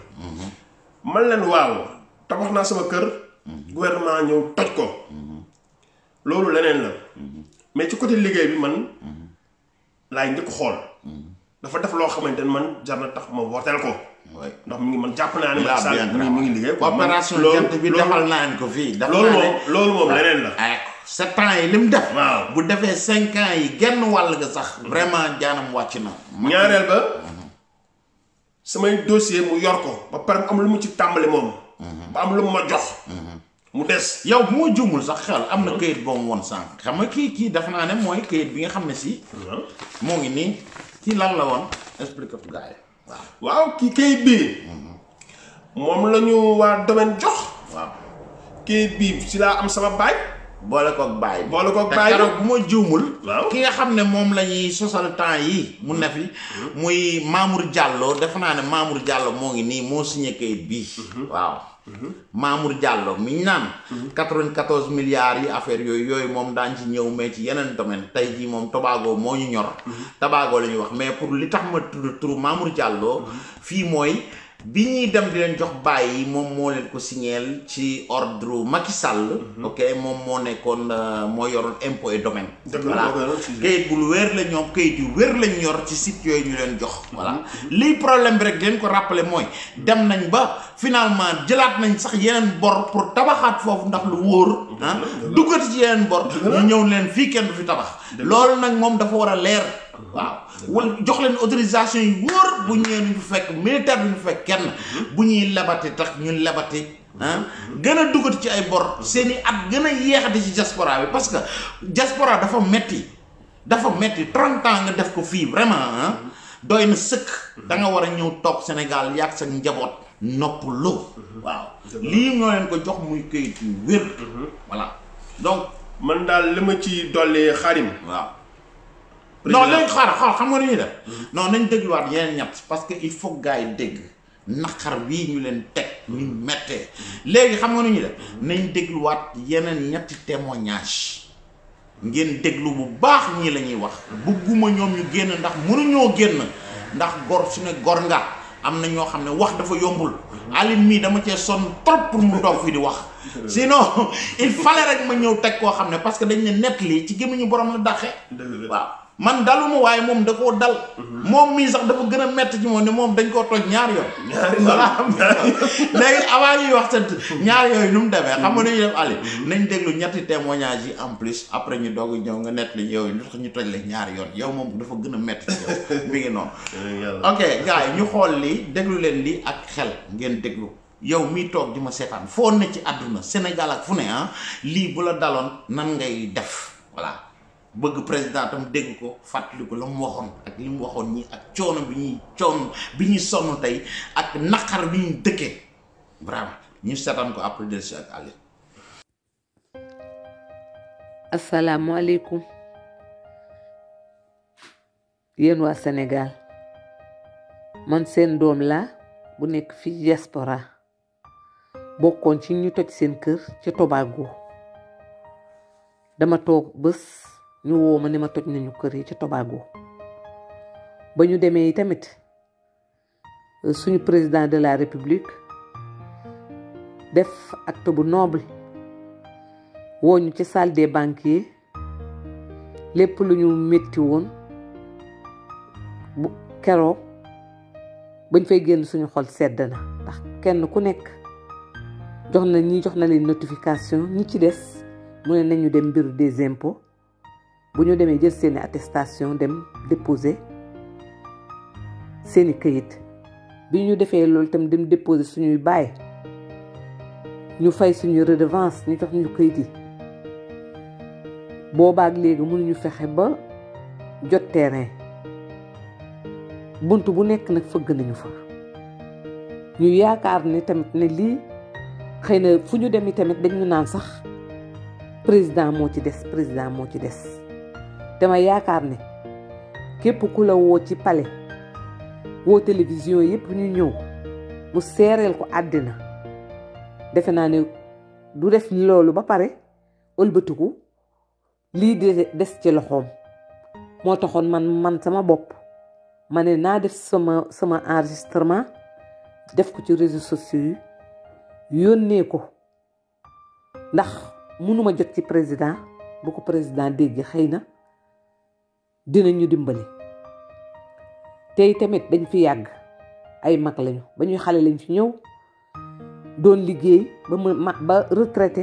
man leen waaw tabax naa sama kër gouvernement ñëw toj ko loolu leneen la mais ci côté liggéey bi man laay njëkk xool dafa def loo xamante ne man jar na tax ma woteel ko. ndax mu ngi man jàpp naa ne. Macky Sall mi ngi liggéey. coopération jant bi defal naa ko fii. loolu moom loolu ah. moom leneen la. Ah. sept ans yi li mu def. waaw bu defee cinq ans yi genn wàll nga sax. vraiment jaanam wàcc na. ñaareel ba. Mhm. samay dossier mu yor ko ba pare am lu mu ci tàmbali moom. Mhm. ba am lu mu ma jox. Mhm. mu des yow bu ma juumul sax xel am na kayit boobu mu woon sànq. xam nga kii kii def naa ne mooy kayit bi nga xam ne si. moo ngi nii kii lan la woon expliqué ko gars yi waaw. kii kayit bii. moom la ñu waa domaine jox. waaw kayit bii si laa am sama baay. boole koog bàyyi. boole koog bàyyi te bu ma juumul. waaw ki nga xam ne moom la ñuy sosal temps yi mu ne fi. Mm-hmm. muy Mamour Diallo defe naa ne Mamour Diallo moo ngi nii moo signé kayit bii. Mm-hmm. waaw mm-hmm. Mamour Diallo mi ñu naan. 94 milliards yi affaire yooyu yooyu moom daañ ci ñëw mais ci yeneen domaine tey jii moom Tobago moo ñu ñor. Tobago la ñuy wax mais pour li tax ma tudd turu Mamour Diallo. fii mooy. bi ñuy dem di leen jox bàyyi moom moo leen ko signeel ci ordre Macky Sall. Mhm. ok moom moo nekkoon euh, moo yoroon impôt et domaine. voilà kayit bu wér la ñoom kayit yu wér lañ yor ci site yooyu ñu leen jox. Mhm. voilà lii problème bi rek di leen ko rappeler mooy mhm. dem nañ ba finalement jëlaat nañ sax yeneen bor pour tabaxaat foofu ndax lu wóor. Ah. duggati ci yeneen bor. ñu ñëw leen fii kenn du fi tabax. loolu nag moom dafa war a leer. waaw wala jox leen autorisation yu wóor bu ñu ñëwee ñu fekk militaire bi ñu fekk kenn bu ñuy lebati tax ñu lebati ah. gën a duggati ci ay bor seen i at gën a yeexati ci diaspora bi parce que diaspora dafa metti dafa metti trente ans nga def ko fii vraiment ah. doy na sëkk da nga war a ñëw toog Sénégal yàgg sa njaboot noppalu waaw lii ñoo leen ko jox muy këyit yu wér mhm. voilà donc man daal li ma ci dolli xarim waaw non léegi xaaral xaaral xam nga ni ñuy def. Mm-hmm. non nañ dégluwaat yeneen ñett parce que il faut gars yi dégg naqar wii ñu leen teg ñu mettee mm-hmm. léegi xam nga ni ñuy def nañ dégluwaat yeneen ñetti témoignage ngeen déglu bu baax ñii la ñuy wax mm-hmm. bugguma ñoom ñu génn ndax mënuñoo génn ndax gor su ne gor nga am na ñoo xam ne wax dafa yombul Alioune mii dama cee sonn trop pour mu doog fi di wax *laughs* sinon il fallait rek ma ñëw teg koo xam ne parce que dañ ne nett lii ci gémmiñu borom la daxe waaw man daluma waaye moom da koo dal. Mhm. moom mii sax dafa gën a métti ci moom ne moom dañ koo toj ñaar yoon. *laughs* ñaari yoon léegi avant ñuy wax te mhm. ñaar yooyu nu mu demee. xam nga dañuy def mhm. déglu ñetti témoignages yi en plus après ñu doog ñëw nga nett li yow ñu toj la ñaari yoon yow moom dafa gën a metti ci yow *laughs* mi ngi noonu. ok gars yi ñu xool lii déglu leen lii ak xel ngeen déglu. yow mii toog di ma seetaan foo ne ci àdduna Sénégal ak fu ne ah lii bu la daloon nan ngay def voilà. bëgg président tam dégg ko fàttali la mu waxoon ak li mu waxoon ñi ak coono bi ñuy sonn tey ak naqar bi ñuy dëkkee vraiment ñu seetaan ko après del si ak Aliou asalaamualeykum yéen waa Sénégal man seen doom laa bu nekk fi diaspora bokkoon ci ñu toj seen kër ci tobaago dama toog bés ñu woo ma ne ma toj nañu kër yi ci Tobago ba ñu demee yi tamit suñu président de la république def acte bu noble woo ñu ci salle des yi lépp lu ñu métti woon bu keroog bañ fay génn suñu xol sedd na ndax kenn ku nekk jox na ñi jox na leen notification ñi ci des mu ne nañu dem mbir des impôts bu ñu demee jël seeni attestation dem déposer seeni këyit bi ñu defee loolu itam dem déposé suñuy bail ñu fay suñu redevance ñu jox ñu këyit yi boobaak léegi mënuñu fexe ba jot terrain bunt bu nekk nag fëgg nañu fa ñu yaakaar ne tamit ne lii xëy na fu ñu dem tamit dañu naan sax président moo ci des président moo ci des dama yaakaar ne képp ku la woo ci palais woo télévision yépp ñu ñëw mu seereel ko àddina defe naa ne du def loolu ba pare ëlbatiku lii de des ci loxoom moo taxoon man man sama bopp ma ne naa def sama sama enregistrement def ko ci réseaux sociaux yi yónnee ko ndax mënuma jot ci président bu ko président dégg xëy na dina ñu dimbali tey tamit dañ fi yàgg ay mag lañu ba ñuy xale lañ fi ñëw doon liggéey ba mu mag ba retraité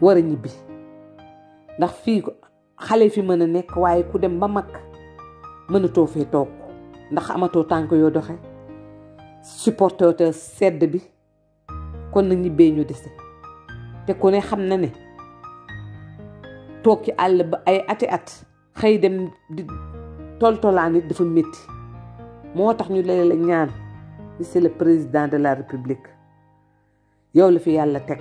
war a ñibbi ndax fii xale fi mën a nekk waaye ku dem ba mag mën a too fee toog ndax amatoo tànk yoo doxe supporté sedd bi kon na ñibbee ñu dese te ku ne xam na ne toog ci àll ba ay ati at xëy dem di toltolaan nit dafa métti moo tax ñu lay la ñaan monsieur le président de la république yow la fi yàlla teg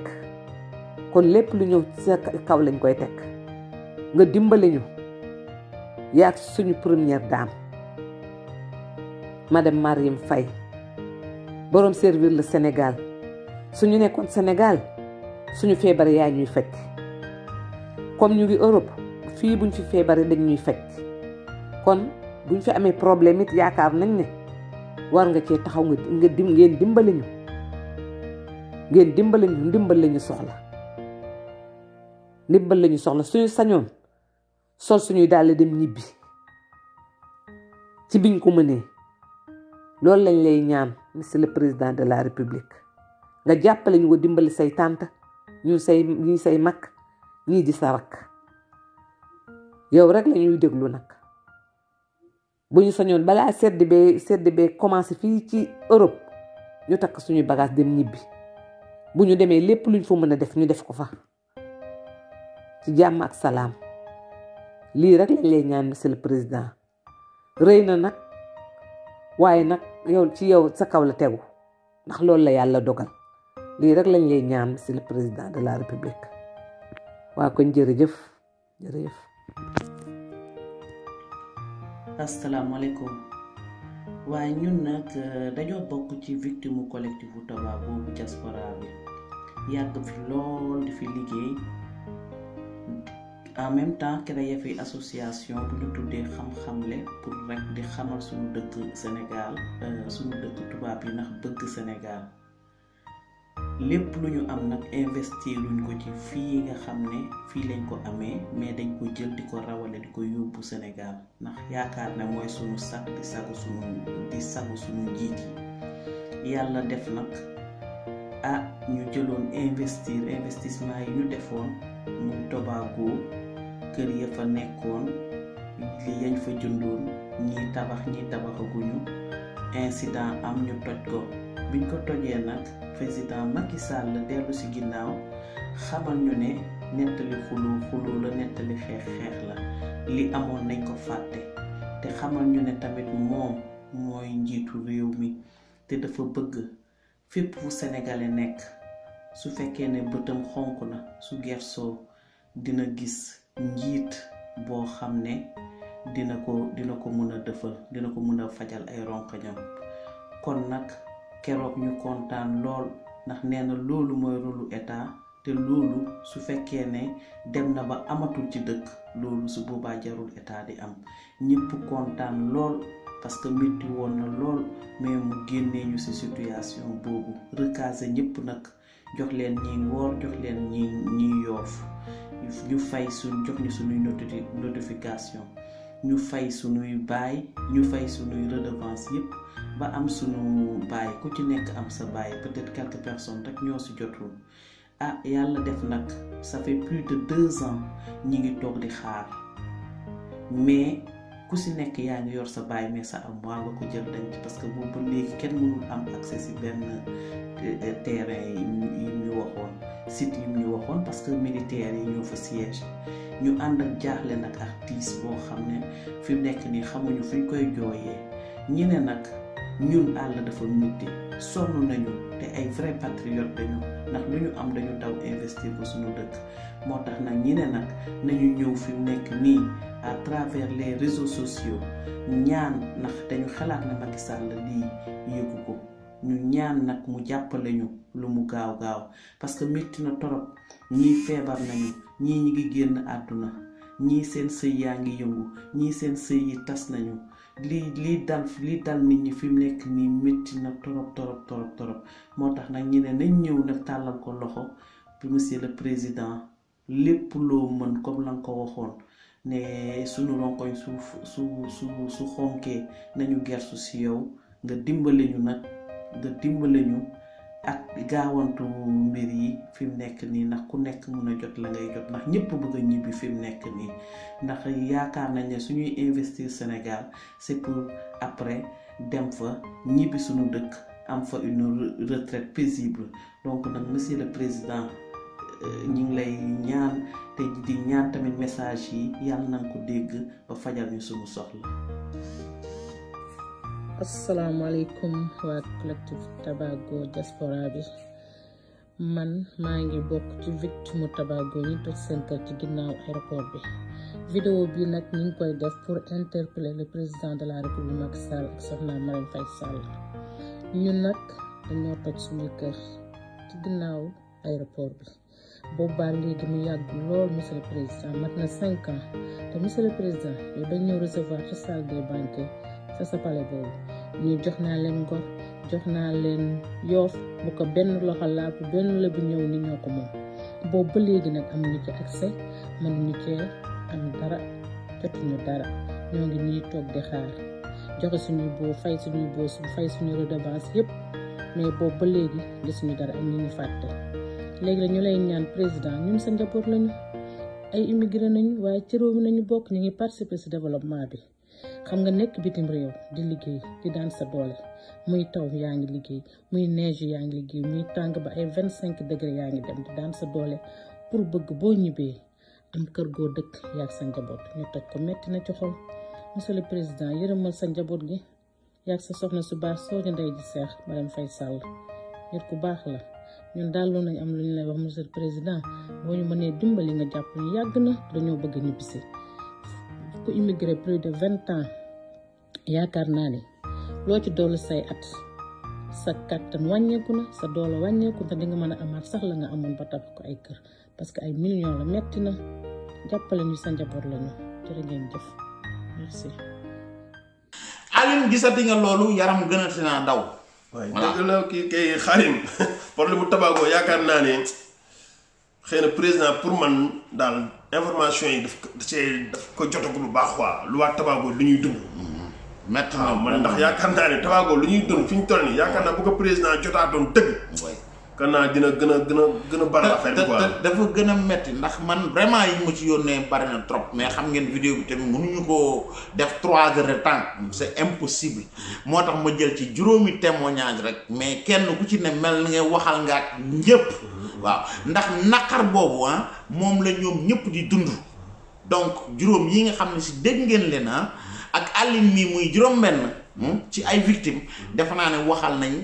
kon lépp lu ñëw ci sa kaw lañ koy teg nga dimbali ñu yaag suñu première dame madame Marième fay boroom servir le Sénégal suñu nekkoon Sénégal suñu feebar yaa ñuy faj comme ñu ngi Europe fii buñ fi feebaree dañ ñuy faj kon buñ fi amee problème it yaakaar nañ ne war nga cee taxaw nga dim ngeen dimbali ñu ngeen dimbali ñu ndimbal la ñu soxla ndimbal la ñu soxla suñu sañoon sol suñuy daal dem ñibbi ci biñ ko mënee loolu lañ lay ñaan monsieur le président de la république nga jàppale ñu ko dimbali say tànt ñu say ñii say mag ñii di sa rakk yow rek la déglu nag bu ñu sañoon balaa sedd bee sedd bee commencé fii ci Europe ñu takk suñuy bagage dem ñibbi bu ñu demee lépp luñ fa mën a def ñu def ko fa ci jàmm ak salaam lii rek lañ lay ñaan monsieur le président rëy na nag waaye nag yow ci yow sa kaw la tegu ndax loolu la yàlla dogal lii rek lañ lay ñaan monsieur le président de la république waa kon jërëjëf asalaamaaleykum waaye ñun nag euh, dañoo bokk ci victime collectif bu boobu diaspora yàgg fi lool di fi liggéey en même temps créé fi association bu ñu tuddee xam-xamle pour rek di xamal suñu dëkk Sénégal euh, suñu dëkk tubaab yi ndax bëgg Sénégal. lépp lu ñu am nag investir luñ ko ci fii nga xam ne fii lañ ko amee mais dañ ko jël di ko rawale di ko yóbbu Sénégal ndax yaakaar na mooy suñu sag di sagu suñu di sagu njiit yi yàlla def nag a ah, ñu jëloon investir investissement yi ñu defoon muy Tobago kër ya fa nekkoon li yañ fa jëndoon ñii tabax ñii tabaxaguñu incident am ñu toj ko bi biñ ko tojee nag président Macky Sall dellu ci ginnaaw xamal ñu ne nettali xuloo xuloo la nettali xeex xeex la li amoon nañ ko fàtte te xamal ñu ne tamit moom mooy njiitu réew mi te dafa bëgg fépp fu senegale nekk su fekkee ne bëtam xonq na su gersoo dina gis njiit boo xam ne dina ko dina ko mën a dëfal dina ko mën a fajal ay ronkoñam kon nag keroog ñu kontaan lool ndax nee loolu mooy rôlu état te loolu su fekkee ne dem na ba amatul ci dëkk loolu su boobaa jarul état di am ñëpp kontaan lool parce que métti woon na lool mais mu génnee ñu ci situation boobu recaser ñëpp nag jox leen ñi ngoor jox leen ñi ñi yoof ñu fay su jox ñu suñuy noti notification ñu fay suñuy bail ñu fay suñuy redevance yëpp ba am sunu baay ku ci nekk am sa baay peut-être quelques personnes rek ñoo si jotul ah yàlla def nag ça fait plus de deux ans ñi ngi toog di xaar mais ku si nekk yaa ngi yor sa baay mais sa am waa nga ko jël dañ ci parce que boobu ba léegi kenn mënul am accès si benn euh, terrain yi ñu waxoon site yi ñu waxoon parce que militaire yi ñoo fa siège ñu ànd ak jaaxle nag artiste boo xam ne fi mu nekk nii xamuñu fuñ koy jooyee ñi ne nag. ñun àll dafa métti sonn nañu te ay vrai patriote dañu ndax lu ñu am dañu taw investir ko suñu dëkk moo tax nag ñi ne nag nañu ñëw fi nekk nii à travers les réseaux sociaux ñaan ndax dañu xalaat na Macky Sall lii yëgu ko ñu ñaan nag mu jàppale ñu lu mu gaaw gaaw parce que métti na torop ñii feebar nañu ñii ñi ngi génn àdduna ñii seen sëy yaa ngi yëngu ñii seen sëy yi tas nañu lii lii dal lii dal nit ñi fi mu nekk nii métti na torop torop torop torop moo tax nag ñi ne nañ ñëw nag tàllal ko loxo bi monsieur président lépp loo mën comme la nga ko waxoon ne suñu ronkoñ su su su su xonkee nañu gersu si yow nga dimbale ñu nag nga dimbale ñu ak gaawantu mbir yi fi mu nekk nii ndax ku nekk mun a jot la ngay jot ndax ñëpp bëgg a ñibbi fi mu nekk nii ndax yaakaar nañ ne suñuy investir Sénégal c'est pour après dem fa ñibbi suñu dëkk am fa une retraite paisible donc nag monsieur le président euh, ñu ngi lay ñaan te di ñaan tamit message yi yàlla na ko dégg ba fajal ñu suñu soxla. asalaamaaleykum waa collectif Tobago diaspora bi man maa ngi bokk ci victime Tobago yi toj seen kër ci ginnaaw aéroport bi vidéo bi nag ñu ngi koy def pour interpeller le président de la république Macky Sall ak soxna Marème Faye Sall ñun nag dañoo toj suñu kër ci ginnaaw aéroport bi boobaa léegi mu yàgg lool monsieur le président mat na cinq ans te monsieur président yow dañoo recevoir ci salle des banquets sa sapale boobu ñii jox naa leen ngor jox naa leen yoof bu ko benn loxo laabu benn la bu ñëw ni ñoo ko moom boobu ba léegi nag amuñu ci accès mënuñu cee am dara jotuñu dara ñoo ngi nii toog di xaar joxe suñuy boo fay suñuy boo fay suñu redevance yépp mais boobu ba léegi gisuñu dara ak ñu ñu fàtte léegi la ñu lay ñaan président ñun sa njaboot lañu ay immigré nañu waaye ci réew mi nañu bokk ñu ngi participer si développement bi xam nga nekk bitim réew di liggéey di daan sa doole muy taw yaa ngi liggéey muy neige yaa ngi liggéey muy tàng ba ay vingt cinq degré yaa ngi dem di daan sa doole pour bëgg boo ñibbee am kër goo dëkk yaag sa njaboot ñu toj ko metti na ci xol monsieur le président yërëmal sa njaboot gi yaag sa soxna su baax soo ñu ndey ji seex madame fay Sall nit ku baax la ñun daal loolu nañ am lu ñu lay wax monsieur président boo ñu mënee dumbali nga jàpp ñu yàgg na dañoo bëgg ñibbisi nekk immigré plus de 20 ans yaakaar naa ne loo ci dolli say at sa kàttan wàññeeku na sa doole wàññeeku na di nga mën a amaat sax la nga amoon ba tabax ko ay kër parce que ay millions la metti na jàppale ñu sa njaboot lañu jërë ngeen jëf merci alim gisati nga loolu yaram gënati naa ndaw dëgg la kii kay xarim problème bu tabago yaakaar naa ne xëy na président pour man daal information yi daf ko ko jotagul bu baax quoi lu wa tabago lu ñuy dund. maintenant man ndax yaakaar naa tabago lu ñuy dund fiñ tolni toll nii yaakaar naa bu ko président jotaatoon dëgg. kan naa dina gën a gën a gën a bari affaire bi dafa gën a metti ndax man vraiment yi ma ci yónnee bari na trop mais xam ngeen vidéo bi tamit ñu ko def trois heures de temps c'est impossible moo tax ma jël ci juróomi témoignage rek mais kenn ku ci ne mel na nga waxal nga ak ñépp waaw ndax naqar boobu ah moom la ñoom ñëpp di dund donc juróom yi nga xam ne si dégg ngeen leen ah, ak àllin mi muy juróom benn hmm, ci ay victimes defe naa ne waxal nañ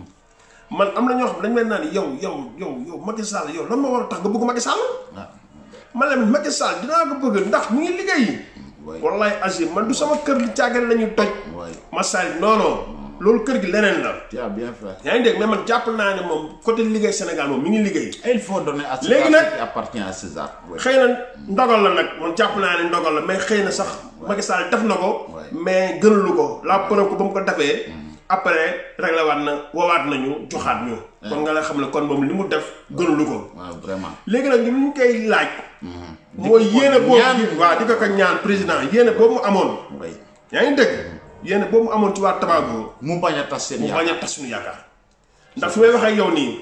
man am na ñoo xam dañ may naan yow yow yow yow Macky Sall yow lan moo war a tax nga bëgg Macky Sall. waaw ah. man la Macky Sall dinaa ko bëgg ndax mu ngi liggéey. wallaay Agir man du sama kër li caagale la ñuy toj. waay Massal non loolu kër gi leneen la. tu as bien fait. yaa ngi dégg mais man jàpp naa ne moom côté liggéey Sénégal moom mi ngi liggéey. il faut donner à César léegi nag xëy na ndogal la nag man jàpp naa ne ndogal la mais xëy na sax Macky Sall def na ko. mais gënalu ko la preuve ko ba mu ko defee hmm. après réglé waat na woowaat nañu joxaat ñu. kon nga la xam ne kon moom li mu def gënulu ko. vraiment léegi nag ñu ngi koy laaj. Mm-hmm. mooy yéene boobu ñaan waaw di ko ko ñaan président yéene boobu mu amoon. yaa ngi dégg mm-hmm. yéene boobu mu amoon ci waa Tobago. mu bañ a tas seen yaakaar mu ndax fi may wax ak yow nii.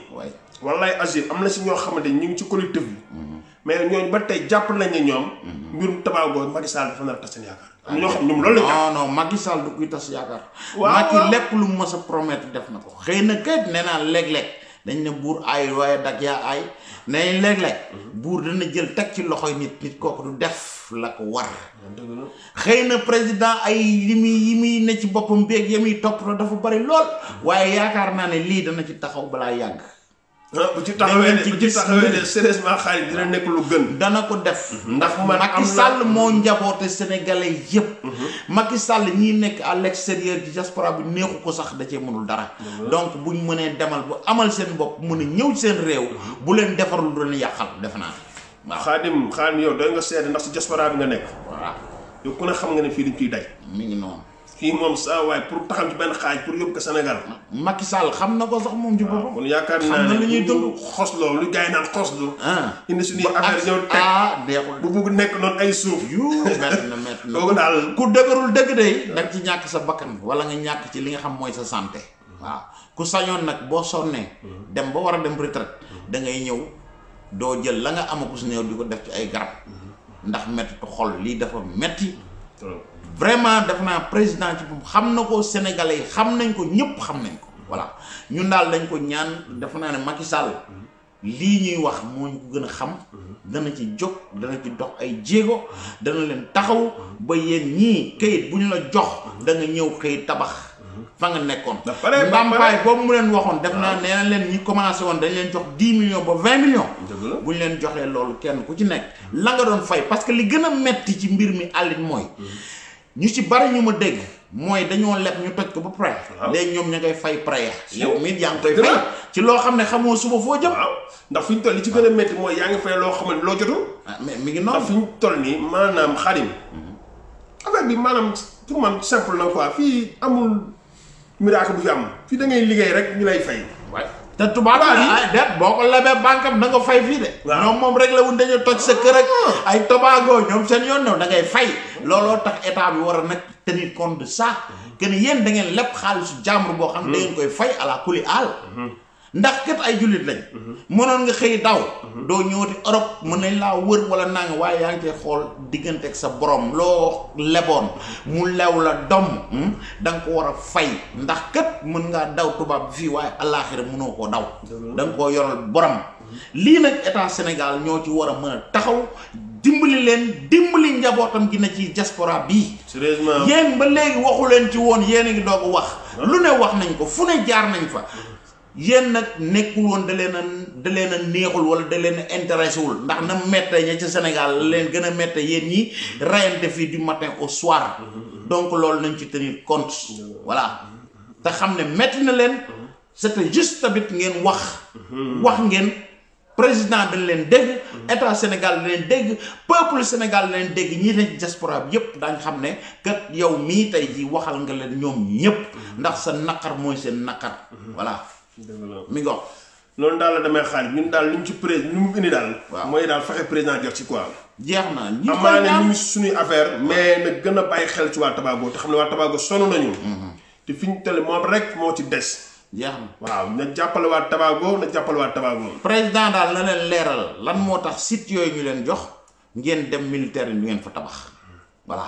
wallaay asi am na si ñoo xamante ñu ngi ci collectif bi. Mm-hmm. mais ñooñu ba tey jàpp nañ ne ñoom. Mhm. mbirum tabax boobu Macky Sall dafa nar a tas seen yaakaar. am ah, na ñoo xam ñoom loolu la ñu. ah non du kuy tas yaakaar. waaw Macky lépp lu mu mës a promettre def na ko. xëy na kay nee naa léeg-léeg dañ ne buur aay waaye dag yaa aay nee léeg-léeg. Mhm. buur dana jël teg ci loxo nit nit kooku du def la ko war. Ah, xëy na président ay yi muy yi muy ne ci boppam beeg ya muy toppatoo dafa bari lool. Mhm. waaye yaakaar naa ne lii dana ci taxaw balaa yàgg. bu ci taxawee de bu ci taxawee xaalis dina nekk lu gën. dana ko def. ndax man am na Macky Sall moo mm-hmm. njaboote sénégalais yépp mm-hmm. Macky Sall ñii nekk à l'extérieur ci diaspora bi neexu ko sax da cee mënul dara. Mm-hmm. donc bu buñ mënee demal bu amal seen bopp mën a ñëw seen réew. bu leen defar lu doon yàqal def naa. waaw xaadim xaadim yow doy nga seede ndax si diaspora bi nga nekk. waaw yow ku ne xam nga ne fii dañ ciy daj. mi ngi noonu. fi mom sa way pour taxaw ci ben xaj pour yob ko senegal Macky Sall xam na ko sax mom ci bopam kon yaakar na ne lañuy dund xoslo lu gaay naan xoslo ah. indi suñu affaire ñew tek ah bu bu nek non ay suuf yu met na met dal ku deugarul deug de dag ci ñak sa bakkan wala nga ñak ci li nga xam moy sa santé ku sañon nak bo sonné mm-hmm. dem ba wara dem retraite mm-hmm. da ngay ñew do jël la nga amaku su diko def ci ay garab mm-hmm. ndax metti xol li dafa metti vraiment def naa président ci moom xam na ko sénégalais xam nañ ko ñëpp xam nañ ko voilà ñun daal dañ ko ñaan def naa ne Macky Sall lii ñuy wax moo ñu ko gën a xam dana ci jóg dana ci dox ay jéego dana leen taxaw ba yéen ñii kayit bu ñu la jox da nga ñëw kayit tabax fa nga nekkoon ndàmpaay boobu mu leen waxoon def naa nee leen ñi commencé woon dañ leen jox dix millions ba vingt millions bu ñu leen joxee loolu kenn ku ci nekk la nga doon fay parce que li gën a metti ci mbir mi àllit mooy mm-hmm. ñu ci bari ñu ma dégg mooy dañoo leb ñu toj ko ba pare léegi ñoom ña ngay fay pare ya. yow miit yaa ngi koy fay ci loo xam ne xamoo suba foo jëm ndax fi ñu toll li ci gën a métti mooy yaa ngi fay loo xam ne loo jotu ah, mais mi ngi noonu fi toll nii maanaam xarim mm-hmm. affaire bi maanaam pour man simple na quoi fii amul miracle bu fi am fii da ngay liggéey rek ñu lay fay te tubaab yi ah, ah. ah, det boo ko lebee banque am da nga fay fii de ñoom moom rek la wuñ dañu toj sa kër ak ay tobago ñoom seen yoon new da ngay fay looloo tax état bi war a nag tenir compte de ça mm-hmm. que ne yéen da ngeen leb xaalisu jàmbur boo xam ne mm. da koy fay à la kuli ndax képp ay jullit lañ. mënoon nga xëy daw. doo ñëwati Europe mën nañ laa wër wala naa nga waaye yaa ngi cee xool diggante ak sa borom loo leboon mu lew la doom hmm? danga ko war a fay ndax kat mën ngaa daw tubaab bi fii waaye àllaaxira mënoo ko daw. da nga koo yoral borom. lii nag état Sénégal ñoo ci war a mën a taxaw dimbali leen dimbali njabootam gi na ci diaspora bii. sérieusement yéen ba léegi waxu leen ci woon yéen a ngi doog wax. lu ne wax nañ ko fu ne jaar nañ fa. yéen nag nekkul woon da leen a da leen a neexul wala da leen a intéressé wul ndax na mette ña ca Sénégal la leen gën a mette yéen ñi rayante fii du matin au soir donc loolu nañ ci tenir compte voilà te xam ne metti na leen c'était juste tabit ngeen wax wax ngeen président dañ leen dégg état Sénégal leen dégg peuple Sénégal leen dégg ñi ne diaspora bi yépp daañ xam ne kat yow mii tey ji waxal nga leen ñoom ñépp ndax sa naqar mooy seen naqar voilà mi nga wax loolu daal la demee xaalis ñun daal li ñu ci président li mu indi daal. waaw mooy daal fexe président jot ci quoi. jeex na ñu amaana ñu suñuy affaire mais na gën a bàyyi xel ci waa Tobago te xam ne waa Tobago na ñu mhm. te fi ñu tele moom rek moo ci des. jeex na waaw na jàppale waa Tobago na jàppale waa Tobago. président daal na leen leeral lan moo tax site yooyu ñu leen jox ngeen dem militaire yi ñu ngeen fa tabax voilà.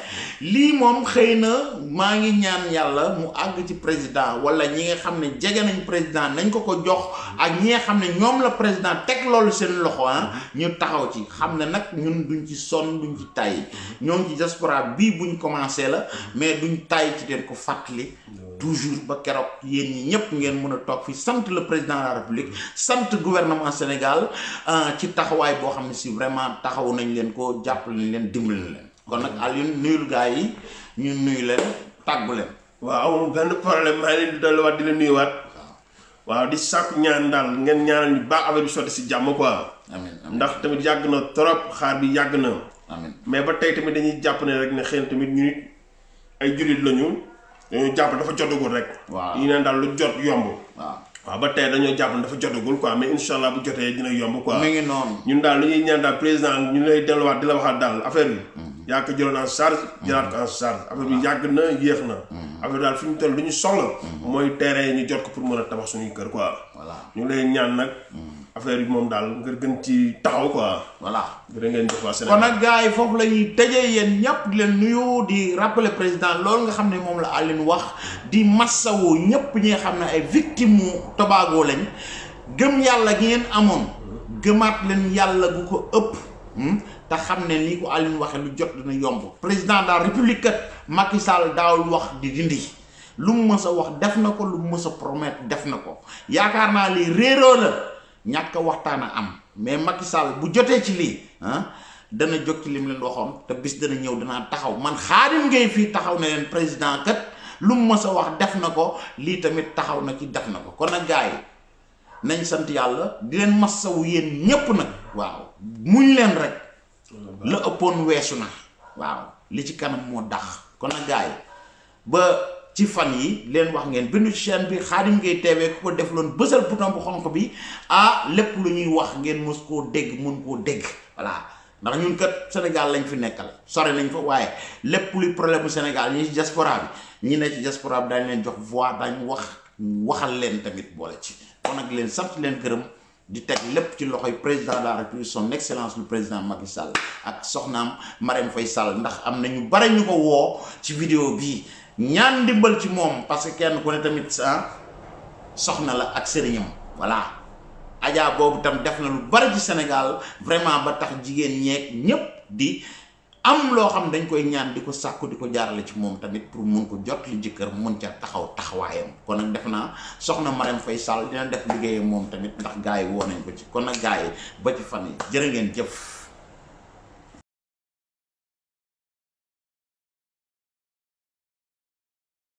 lii moom xëy na maa ngi ñaan yàlla mu àgg ci président wala ñi nga xam ne jege nañ président nañ ko ko jox ak ñi nga xam ne ñoom la président teg loolu seen loxo ah ñu taxaw ci xam ne nag ñun duñ ci sonn duñ tay tàyyi ñoo ci diaspora bii buñ commencé la mais duñ tàyyi ci ko fàttali toujours ba keroog yéen ñi ñëpp ngeen mën a toog fi sant la président de la république sant guvernement Sénégal ah, ci taxawaay boo xam ne si vraiment taxaw nañ leen ko jàppale nañ leen dimbali na leen. kon nak Aliou nuyul gaay yi ñu nuyu leen taggu leen waaw benn problème maa leen di dolli waat di la nuyuwaat waaw di sàkku ñaan daal ngeen ñaanal ñu baax affaire bi sotti si jàmm quoi amin ndax tamit yàgg na trop xaar bi yàgg na amin mais ba tey tamit dañuy jàpp ne rek ne xëy tamit ñu nit ay julit lañu dañu jàpp dafa jotagul rek waaw yi naan daal lu jot yomb waaw waaw ba tey dañoo jàpp dafa jotagul quoi mais insha bu jotee dina yomb quoi mi ngi noonu ñun daal lu ñuy ñaan daal président ñu lay delluwaat di la waxaat daal affaire bi hmm. yaa ko jëloon en charge mhm. jëlaat ko en charge affaire bi yàgg na yéex na mhm. affaire bi daal fi ñu toll li ñu soxla mhm. mooy terrain yi ñu jot ko pour mën a tabax suñuy kër quoi ñu lay ñaan nag affaire bi moom daal nga gën ci taxaw ko voilà gërë ngeen jëf waa Sénégal kon nag gars yi foofu la ñuy tëjee yéen ñëpp di leen nuyu di rappeler président loolu nga xam ne moom la Aline wax di massawoo ñëpp ñi nga xam ne ay victime mu Tobago lañ gëm yàlla gi ngeen amoon gëmaat leen yàlla gu ko ëpp Hmm? te xam ne ni ko Alioune waxe lu jot dina yomb président daal la république Macky Sall daawul wax di dindi lu mu mës a wax def na ko lu mu mës def na ko yaakaar naa lii réeroo ñàkk waxtaan a am mais Macky Sall bu jotee ci lii ah, dana jóg ci lim leen waxoon te bis dana ñëw danaa taxaw man Khadim Gueye fii taxaw na leen président kat lu mu mës a wax def na ko lii tamit taxaw na ci def na ko kon nag gars nañ sant yàlla di leen massawu yéen ñépp nag waaw muñ leen rek la ëppoon weesu na waaw li ci kanam moo dax kon nag gars ba ci fan yi leen wax ngeen bindu ci bi Khadim Gueye TV ku ko def loon bësal bouton bu xonq bi ah lépp lu ñuy wax ngeen mos koo dégg mun koo dégg voilà ndax ñun kat Sénégal lañ fi nekkal sore nañ fa waaye lépp luy problème bu Sénégal ñi ci diaspora bi ñi ne ci diaspora bi daañu leen jox voix daañu wax waxal leen tamit boole ci kon nag leen sant leen gërëm di teg lepp ci loxoy président de la république son excellence le président Macky Sall ak soxnam Marème Faye Sall ndax am nañu ñu bare ñu ko woo ci vidéo bi ñaan dimbal ci mom parce que kenn ko ne tamit ah soxna la ak serignam voilà. aja bobu tam def na lu bari ci Sénégal vraiment ba tax jigen ñek ñep di. am loo xam dañ koy ñaan di ko sàkku di ko jaarale ci moom tamit pour mun ko jot li jëkkër mun ca taxaw taxawaayam kon nag def naa soxna Marème Faye Sall dina def liggéeyam moom tamit ndax gars yi woo nañ ko ci kon nag gars ba ci fan yi jërë ngeen jëf